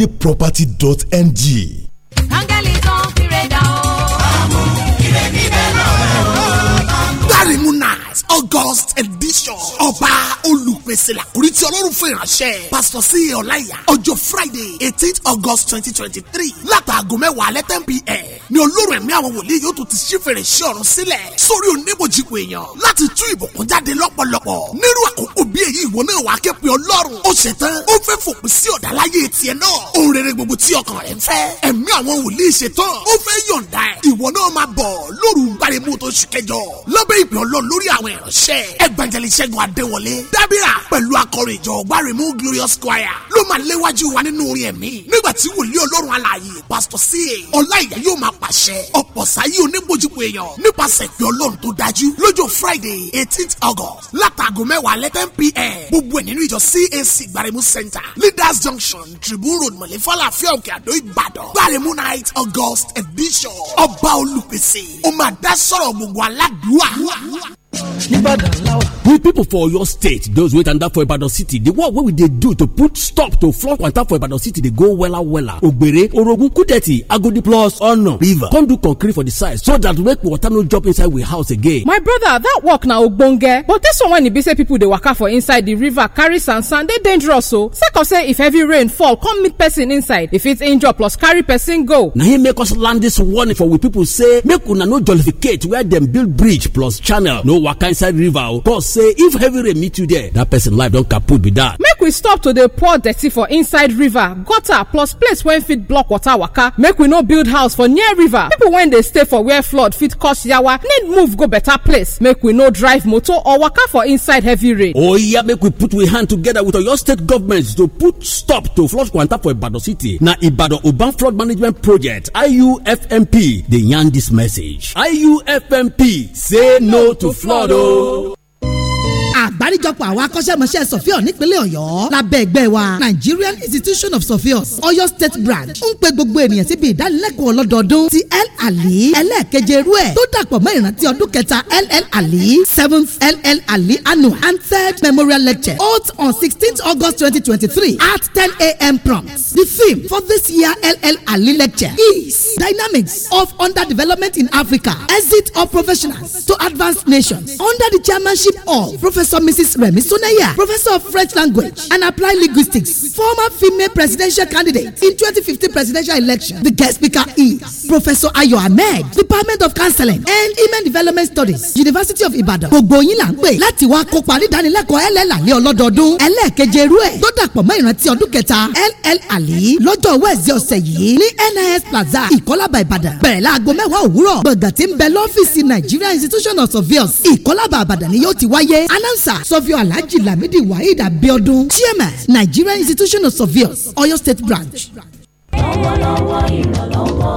sunnybadeproperty.ng. áńgẹ́lì tó ń fire dà o. àmú ìrètí bẹ́ẹ̀ náà rẹ̀ o. gbàrímù august edition ọba olùkọ́ pèsè làkúrí tí ọlọ́run fún ìránṣẹ́ pásítọ̀ sí ọláìyá ọjọ́ friday eighteen august twenty twenty three látàgọ́ mẹ́wàá alẹ́ ten pm ni olórun ẹ̀mí àwọn wòlíì yóò tún ti ṣí fèrèsé ọ̀run sílẹ̀ sórí oníbòjìpò èèyàn láti tú ìbùkún jáde lọ́pọ̀lọpọ̀ nírú àkókò bí èyí ìwọ náà wàá ké pe ọlọ́run ó ṣetán ó fẹ́ fòpin sí ọ̀dàláyé tiẹ̀ náà ohun rere gbogbo tí ọkàn rẹ̀ ń fẹ́ ẹ̀mí àwọn wòlíì ṣetán ó fẹ́ yọ̀ǹda ẹ̀ ìwọ náà máa bọ̀ lóru gbàremú tó ṣù kẹjọ ìpè ọlọ́run lórí àwọn ìránṣẹ́ evangelist Ṣẹ́gun Adéwọlé dábìrà pẹ̀lú akọrin ìjọ ọ̀gbáremú glorious choir ló máa léwájú wa nínú orin ẹ̀mí nígbà tí wòlíì ọlọ́run alààyè pásítọ̀ sí i ọláìyá yóò máa pàṣẹ ọ̀pọ̀ sáyé onígbòjúpọ̀ èèyàn nípasẹ̀ ìpè ọlọ́run tó dájú lọ́jọ́ friday eighteenth august látàgò mẹ́wàá alẹ́ ten pm gbogbo ẹ̀ nínú ìjọ cac gbaremu center leaders junction tribune road mọ̀lẹ́fọ́lá àfíà òkè àdó ìbàdàn gbaremu night august edition ọba olùpèsè ó máa dá sọ̀rọ̀ gbogbo we people for your state those wey tanda for ibadan city the work wey we dey do to put stop to flood water for ibadan city dey go wella wella ogbere orogun kudeti agodi plus ona river come do concrete for the side so that make water no jump inside we house again. my brother that work na ogbonge but this one when e be say people dey waka for inside the river carry sand sand dey dangerous o sake of say if heavy rain fall come meet person inside If it's injure plus carry person go. na him make us land this warning for we people say make una no jollificate where dem build bridge plus channel no for waka inside river o say if heavy rain meet you there that person life don't kaput be that. make we stop to dey pour dirty for inside river gutter plus place where fit block water waka make we no build house for near river people when they stay for where flood fit cause yawa need move go better place make we no drive motor or waka for inside heavy rain. oh, yeah, make we put we hand together with your state governments to put stop to flood kwanta for ibadan city na ibadan urban flood management project iufmp they yarn this message iufmp say no to flood. lord oh. àgbáríjọpọ̀ àwọn akọ́ṣẹ́mọṣẹ́ sọ̀fíọ̀ nípínlẹ̀ ọ̀yọ́ lábẹ́ ẹgbẹ́ wa Nigerian Institution of Sophios Ọ̀yọ́ State Branch ń pe gbogbo ènìyàn síbi ìdánilẹ́kọ̀ọ́ ọlọ́dọọdún ti El Ali ẹlẹ́ẹ̀keje irú ẹ̀ tó dàpọ̀ mọ́ ìrántí ọdún kẹta LL Ali seventh LL Ali annual and third memorial lecture held on sixteenth August twenty twenty three at ten a.m. prompt the theme for this year LL Ali lecture is dynamics of underdevelopment in Africa exit of professionals to advanced nations under the chairmanship of Professor. Professor Mrs. Remi Sunaya, Professor of French Language and Applied Linguistics, former female presidential candidate in 2015 presidential election. The guest speaker is Professor Ayo Ahmed, Department of Counseling and Human Development Studies, University of Ibadan. Gbogbo yín là ń pè láti wá kópa nídánilẹ́kọ̀ọ́ LL Àlẹ́ ọlọ́dọọdún ẹlẹ́ẹ̀keje irú ẹ̀ tó dàpọ̀ mọ́ ìrántí ọdún kẹta LL Àlẹ́ lọ́jọ́ wẹ̀sì ọ̀sẹ̀ yìí ní NIS Plaza Ìkọ́lábà Ìbàdàn bẹ̀rẹ̀ láago mẹ́wàá òwúrọ̀ gbọ̀ngàn tí ń bẹ lọ́fíìsì Nigeria Institution of Surveyors Ìkọ́lábà Ìbàdàn ni yóò ti wáyé announce ansa sọfíọ alhaji lamidi waheed abiodun chairman Nigeria institution of surveyors oyo state branch. lọ́wọ́lọ́wọ́ ìrànlọ́wọ́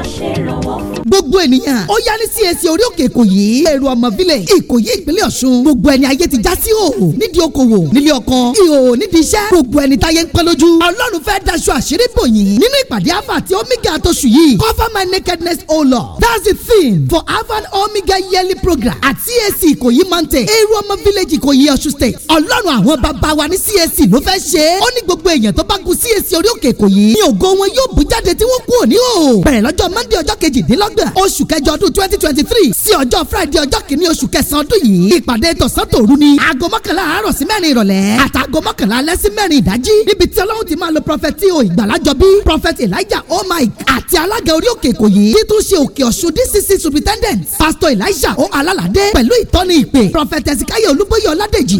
aṣèrànwọ́ gbogbo ènìyàn ó yá ní CAC e orí òkè ìkòyí èrò ọmọ village ìkòyí ìpínlẹ̀ ọ̀ṣun gbogbo ẹni ayé ti já sí òòhù nídìí okòwò nílé ọkàn ìhòòhò nídìí iṣẹ́ gbogbo ẹni táyé ń pẹ́ lójú ọlọ́run fẹ́ daṣọ àṣírí bò yín nínú ìpàdé afa àti omega àtọ̀ṣù yìí cover my nakedness o lord that's the thing for avan omega yearly program at CAC e ìkòyí mountain èrò ọmọ village ìkòyí ọ̀ṣun state ọlọ́run àwọn bàbá wa ní CSC, e ló fẹ́ ṣe é ó ní gbogbo èèyàn tó bá gun CAC orí òkè ìkòyí ní ògo wọn yóò bú jáde tí wọ́n kú òní o bẹ̀rẹ̀ lọ́jọ́ monday ọjọ́ kejìdínlọ́g november oṣù kẹjọ ọdún twenty twenty three sí ọjọ́ friday ọjọ́ kìíní oṣù kẹsàn-án ọdún yìí ìpàdé tọ̀sán tòru ni aago mọ́kànlá àárọ̀ sí mẹ́rin ìrọ̀lẹ́ àtàgọ́ mọ́kànlá alẹ́ sí mẹ́rin ìdájí níbi tí ọlọ́run ti máa lo prọfẹtì o ìgbàlájọ bí prọfẹtì elijah omaik àti alága orí òkè èkó yìí títún ṣe òkè ọ̀ṣun dcc superintendent pastor elijah o alalade pẹ̀lú ìtọ́ni ìpè prọfẹtì ẹ̀sìnkáyọ̀ olúbóyè ọládèjì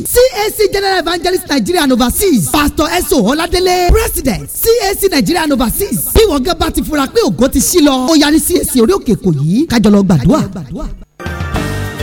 cac general evangelist nigeria and overseas pastor eso ọládélé president cac nigeria and overseas bí wọ́n gẹ́gẹ́ bá ti fura pé ògo ti sí lọ ó yarí cac orí òkè kéko yìí kájọ lọ gbàdúrà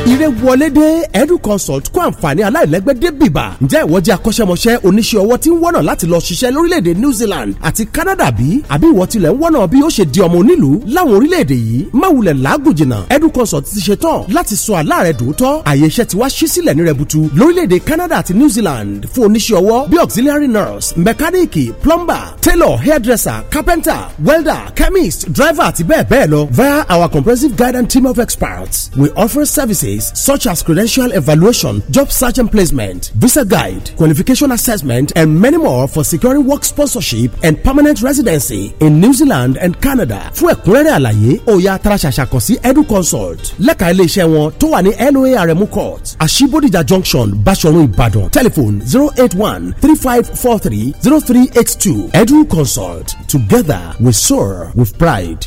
ire wọlé dé edu consult kó àǹfààní aláìlẹ́gbẹ́ dé bìbà ǹjẹ́ ìwọ jẹ́ akọ́ṣẹ́mọṣẹ́ oníṣẹ́ ọwọ́ tí ń wọ́nà láti lọ ṣiṣẹ́ lórílẹ̀‐èdè New Zealand àti Canada bí àbí ìwọ tilẹ̀ ń wọ́nà bí ó ṣe di ọmọ onílùú láwọn orílẹ̀‐èdè yìí má wulẹ̀ làágùn jìnnà edu consult ti ṣe tán láti sọ àlá rẹ dòótọ́ àyè iṣẹ́ ti wá ṣí sílẹ̀ ní rẹbutu lórílẹ̀‐èdè Canada àti New Zealand fún oníṣẹ́ ọwọ́ bí auxiliary nurse mẹkáníìkì plumber tailor hairdresser carpenter welder chemist driver àti bẹ́ẹ̀ bẹ́ẹ̀ via our comprehensive guidance team of experts we offer services services such as credential evaluation, job search and placement, visa guide, qualification assessment, and many more for securing work sponsorship and permanent residency in New Zealand and Canada. Fún ẹ̀kúnrẹ́rẹ́ àlàyé, ó yá taraṣàṣà kàn sí EduConsult lẹ́ka iléeṣẹ́ wọn tó wà ní LOARM court, Àṣìbódìjà junction, Báṣọ̀run Ìbàdàn. Telephone zero eight one three five four three zero three eight two. EduConsult together we soar with pride.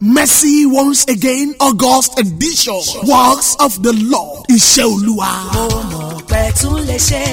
Mercy once again August edition Works of the Lord Iṣẹ́ Olúwa. Mo mọ̀ pẹ́ tún lè ṣe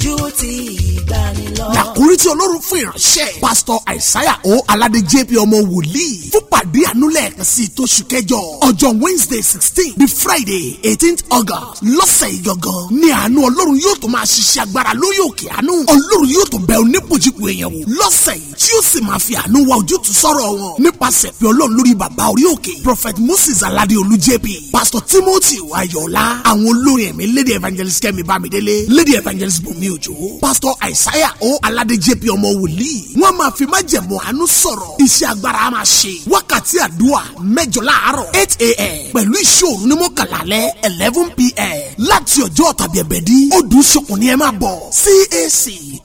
ju ti ìdánilọ́. Làkúrí tí Ọlọ́run fún ìránṣẹ́. Pásítọ̀ Àìsáyà O. Aládé JP ọmọ wòlíì. Fún pàdé ànúlẹ̀ kan sí tóṣù kẹjọ. Ọjọ́ Wednesday sixteen the Friday eighteenth August. Lọ́sẹ̀ ìgangan ni àánú Ọlọ́run yóò tó máa ṣiṣẹ́ agbára lórí òkè àánú. Ọlọ́run yóò tó bẹ onípojípo èèyàn wò. Lọ́sẹ̀ yìí tí ó sì máa fi àánú wa ojútùú sọ̀rọ̀ wọn. Nípasẹ̀ fi Ọlọ́run lórí bàbá orí òkè. Prophet Moses Aládé Olú JP. Pastor Timothy Ayọ̀ọ́lá. Àwọn olórin ẹ̀mí Lady Evangelist Kẹ́mi Bámidélé. Lady Evangelist Bùnmi Òjò. Pásítọ̀ àìsáyà o aládéjé bí ọmọ wòlíì wọ́n máa fi májẹ̀mú àánú sọ̀rọ̀ iṣẹ́ agbára a máa ṣe wákàtí àdúrà mẹ́jọ láàárọ̀ eight a.m. pẹ̀lú ìṣòro ní mọ́kànlá lẹ́ eleven p.m. láti ọjọ́ tàbí ẹ̀bẹ̀ dí odù sokùn ni ẹ máa bọ̀ CAC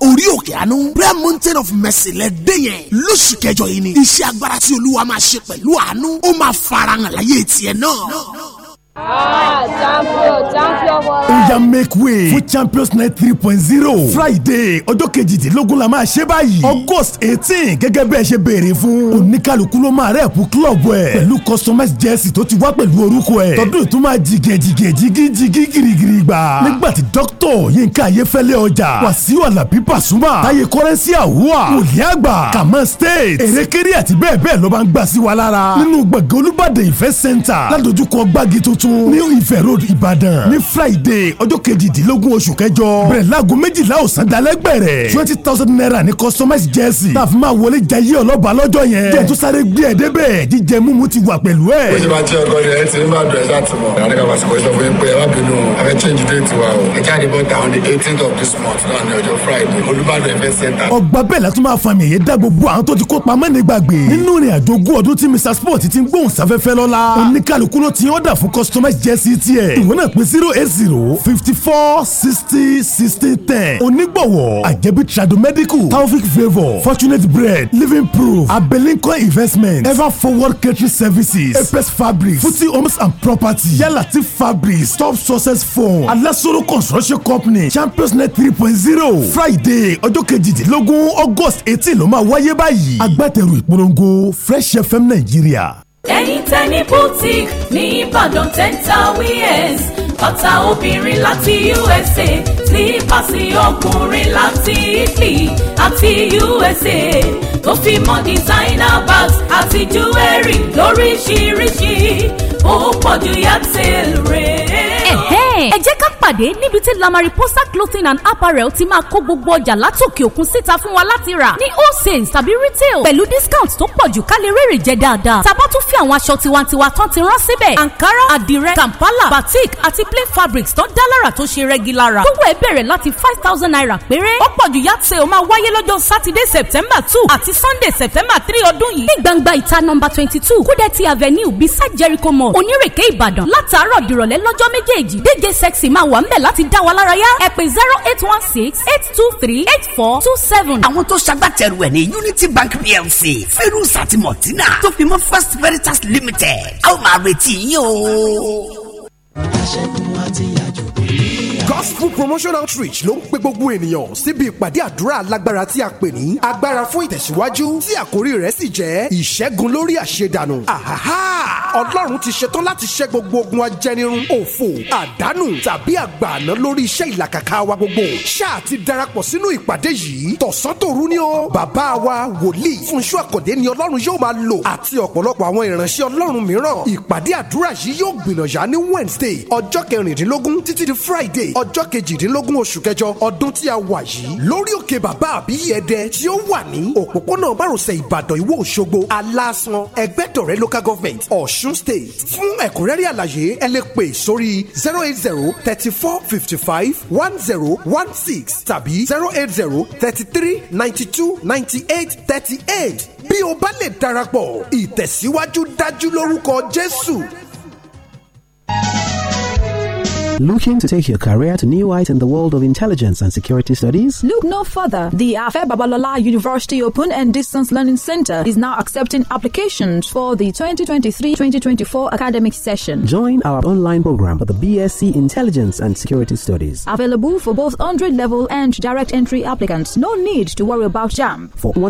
orí òkè àánú prayer mountain of mercy lẹ́ dé yẹn lóṣù kẹjọ yìí ni iṣẹ́ agbára tí olúwa máa ṣe pẹ̀lú àánú ó máa farahàn láyé tiẹ̀ náà. Ah, make way fún champions night three point zero friday ọjọ́ kejìdínlógún la máa ṣe báyìí august eighteen gẹ́gẹ́ bẹ́ẹ̀ ṣe béèrè fún oníkàlùkù ló máa rẹ́ẹ̀pù club ẹ̀ pẹ̀lú customers jersey tó ti wá pẹ̀lú orúkọ ẹ̀ tọdún tó máa jìgẹ̀ jìgẹ̀ jìgí jìgí girigiri gbà nígbà tí doctor Yinka ayéfẹ́lẹ́ ọjà wàsíù alábí pàṣùmà táyé kọ́rẹ́nsì àwùwà wòlíì àgbà kàmá state èrèkéré àti bẹ́ẹ̀ bẹ́ẹ̀ ló máa ń gbà sí wa lára nínú center ládojúkọ gbági tuntun tuntun ní Ifẹ̀ road Ìbàdàn ní Friday ọjọ́ kejìdínlógún oṣù kẹjọ bẹ̀rẹ̀ láago méjìlá ọ̀sán dalẹ́ twenty thousand naira ní customized jersey tá a fi máa wọlé jayé ọlọ́ba lọ́jọ́ yẹn jẹ́ tó sáré gbé ẹ̀ débẹ̀ jíjẹ múmu ti wà pẹ̀lú ẹ̀. on the eighteenth of this month náà ní ọjọ́ Friday Olúbàdàn ọgbà bẹ́ẹ̀ látún máa fami èyí dá gbogbo àwọn tó ti kó pamọ́ nígbàgbé nínú ìrìn àjò ogún ọdún tí Mr Sport ti ń gbóhùn sáfẹ́fẹ́ lọ́la oníkàlùkù ló ti ń ọ̀dà fún cust customer jẹ́ sí tiẹ̀ ìwọ náà pé zero eight zero fifty four sixty sixteen ten onígbọ̀wọ́ àjẹbí trado medical taofik favour fortunate bread living proof abelinko investment ever forward catering services epes fabric futi homes and Properties. Yalati ti fabric top success phone alasoro construction company champions net three point zero friday ọjọ́ kejìdínlógún august eighteen ló máa wáyé báyìí agbátẹrù ìpolongo fresh fm nàìjíríà ẹ̀yin tẹ́ ní boutique ní ìbàdàn dental wears bàtà obìnrin láti usa sípàsì ọkùnrin láti italy àti usa tó fi mọ́ designer bags àti jewelry lóríṣiríṣi ó pọ̀ ju yàtẹ̀ rẹ̀ ẹ̀. ẹ jẹ́ ká pàdé níbi tí Lamariposa clothing and apparel ti máa kó gbogbo ọjà látòkè òkun síta fún wa láti rà ní wholesale tàbí retail pẹ̀lú discount tó pọ̀ jù ká lè rèrè jẹ dáadáa. tá bá tún fi àwọn aṣọ tiwantiwa tán ti rán síbẹ̀ Ankara àdìrẹ Kampala batik àti plain fabrics tán dá lára tó ṣe rẹ́gi lára. gbogbo ẹ̀ bẹ̀rẹ̀ láti five thousand naira péré. ó pọ̀ jù yàtse ó máa wáyé lọ́jọ́ Saturday September two àti Sunday September three ọdún yìí. ní gbangba ìta nọmba twenty two Kúdẹ́tì avenue beside Jericho mall Onírèké Ìbàdàn látàárọ̀ dìrọ̀lẹ́ lọ́jọ́ méjèèjì déje Sexy máa wà ńbẹ̀ láti dá wa lára yá ẹ pè zero eight one six eight two three eight four two seven. àwọn tó ṣagbátẹrù ẹ̀ ní Unity Bank PLC ferus àti Martina tó fi mọ́ First Veritas Limited a ó máa retí yín o. àṣẹkùn àti àjòkú gospel promotion outreach ló ń pe gbogbo ènìyàn síbi ìpàdé àdúrà alágbára tí a pè ní agbára fún ìtẹ̀síwájú tí àkórí rẹ̀ sì jẹ́ ìṣẹ́gun lórí àṣedànù. àhàhà ọlọ́run ti ṣetán láti ṣẹ́ gbogbo ogun ajẹnirun òfò àdánù tàbí àgbààná lórí iṣẹ́ ìlàkàkà wa gbogbo. ṣáà ti darapọ̀ sínú ìpàdé yìí tọ̀sán-tòru ni ó bàbá wa wòlíì Fúnṣọ́ Àkàndé ni ọlọ́run yóò máa lò àti ọ̀pọ̀lọpọ̀ àwọn ìránṣẹ́ ọlọ́run mìíràn ìpàdé àdúrà yìí yóò gbìnàyà ní Wednesday ọjọ́ kẹrìndínlógún títí di Friday ọjọ́ kejìdínlógún oṣù kẹjọ ọdún tí a wà yìí lórí òkè bàbá àbí tí ó wà ní òpópónà márosẹ̀ ìbàdàn ìwó òṣogbo alásan ẹgbẹ́tọ̀rẹ́ local government ọ̀ṣun state fún ẹ̀kúnrẹ́rẹ́ àlàyé ẹ lè pè sórí zero eight zero thirty four fifty five one zero one six tàbí zero eight zero thirty three ninety two ninety eight thirty eight bí o bá lè darapọ̀ ìtẹ̀síwájú dájú lórúkọ jésù. Looking to take your career to new heights in the world of intelligence and security studies? Look no further. The Afe Babalola University Open and Distance Learning Center is now accepting applications for the 2023-2024 academic session. Join our online program for the BSc Intelligence and Security Studies. Available for both 100 level and direct entry applicants. No need to worry about jam. For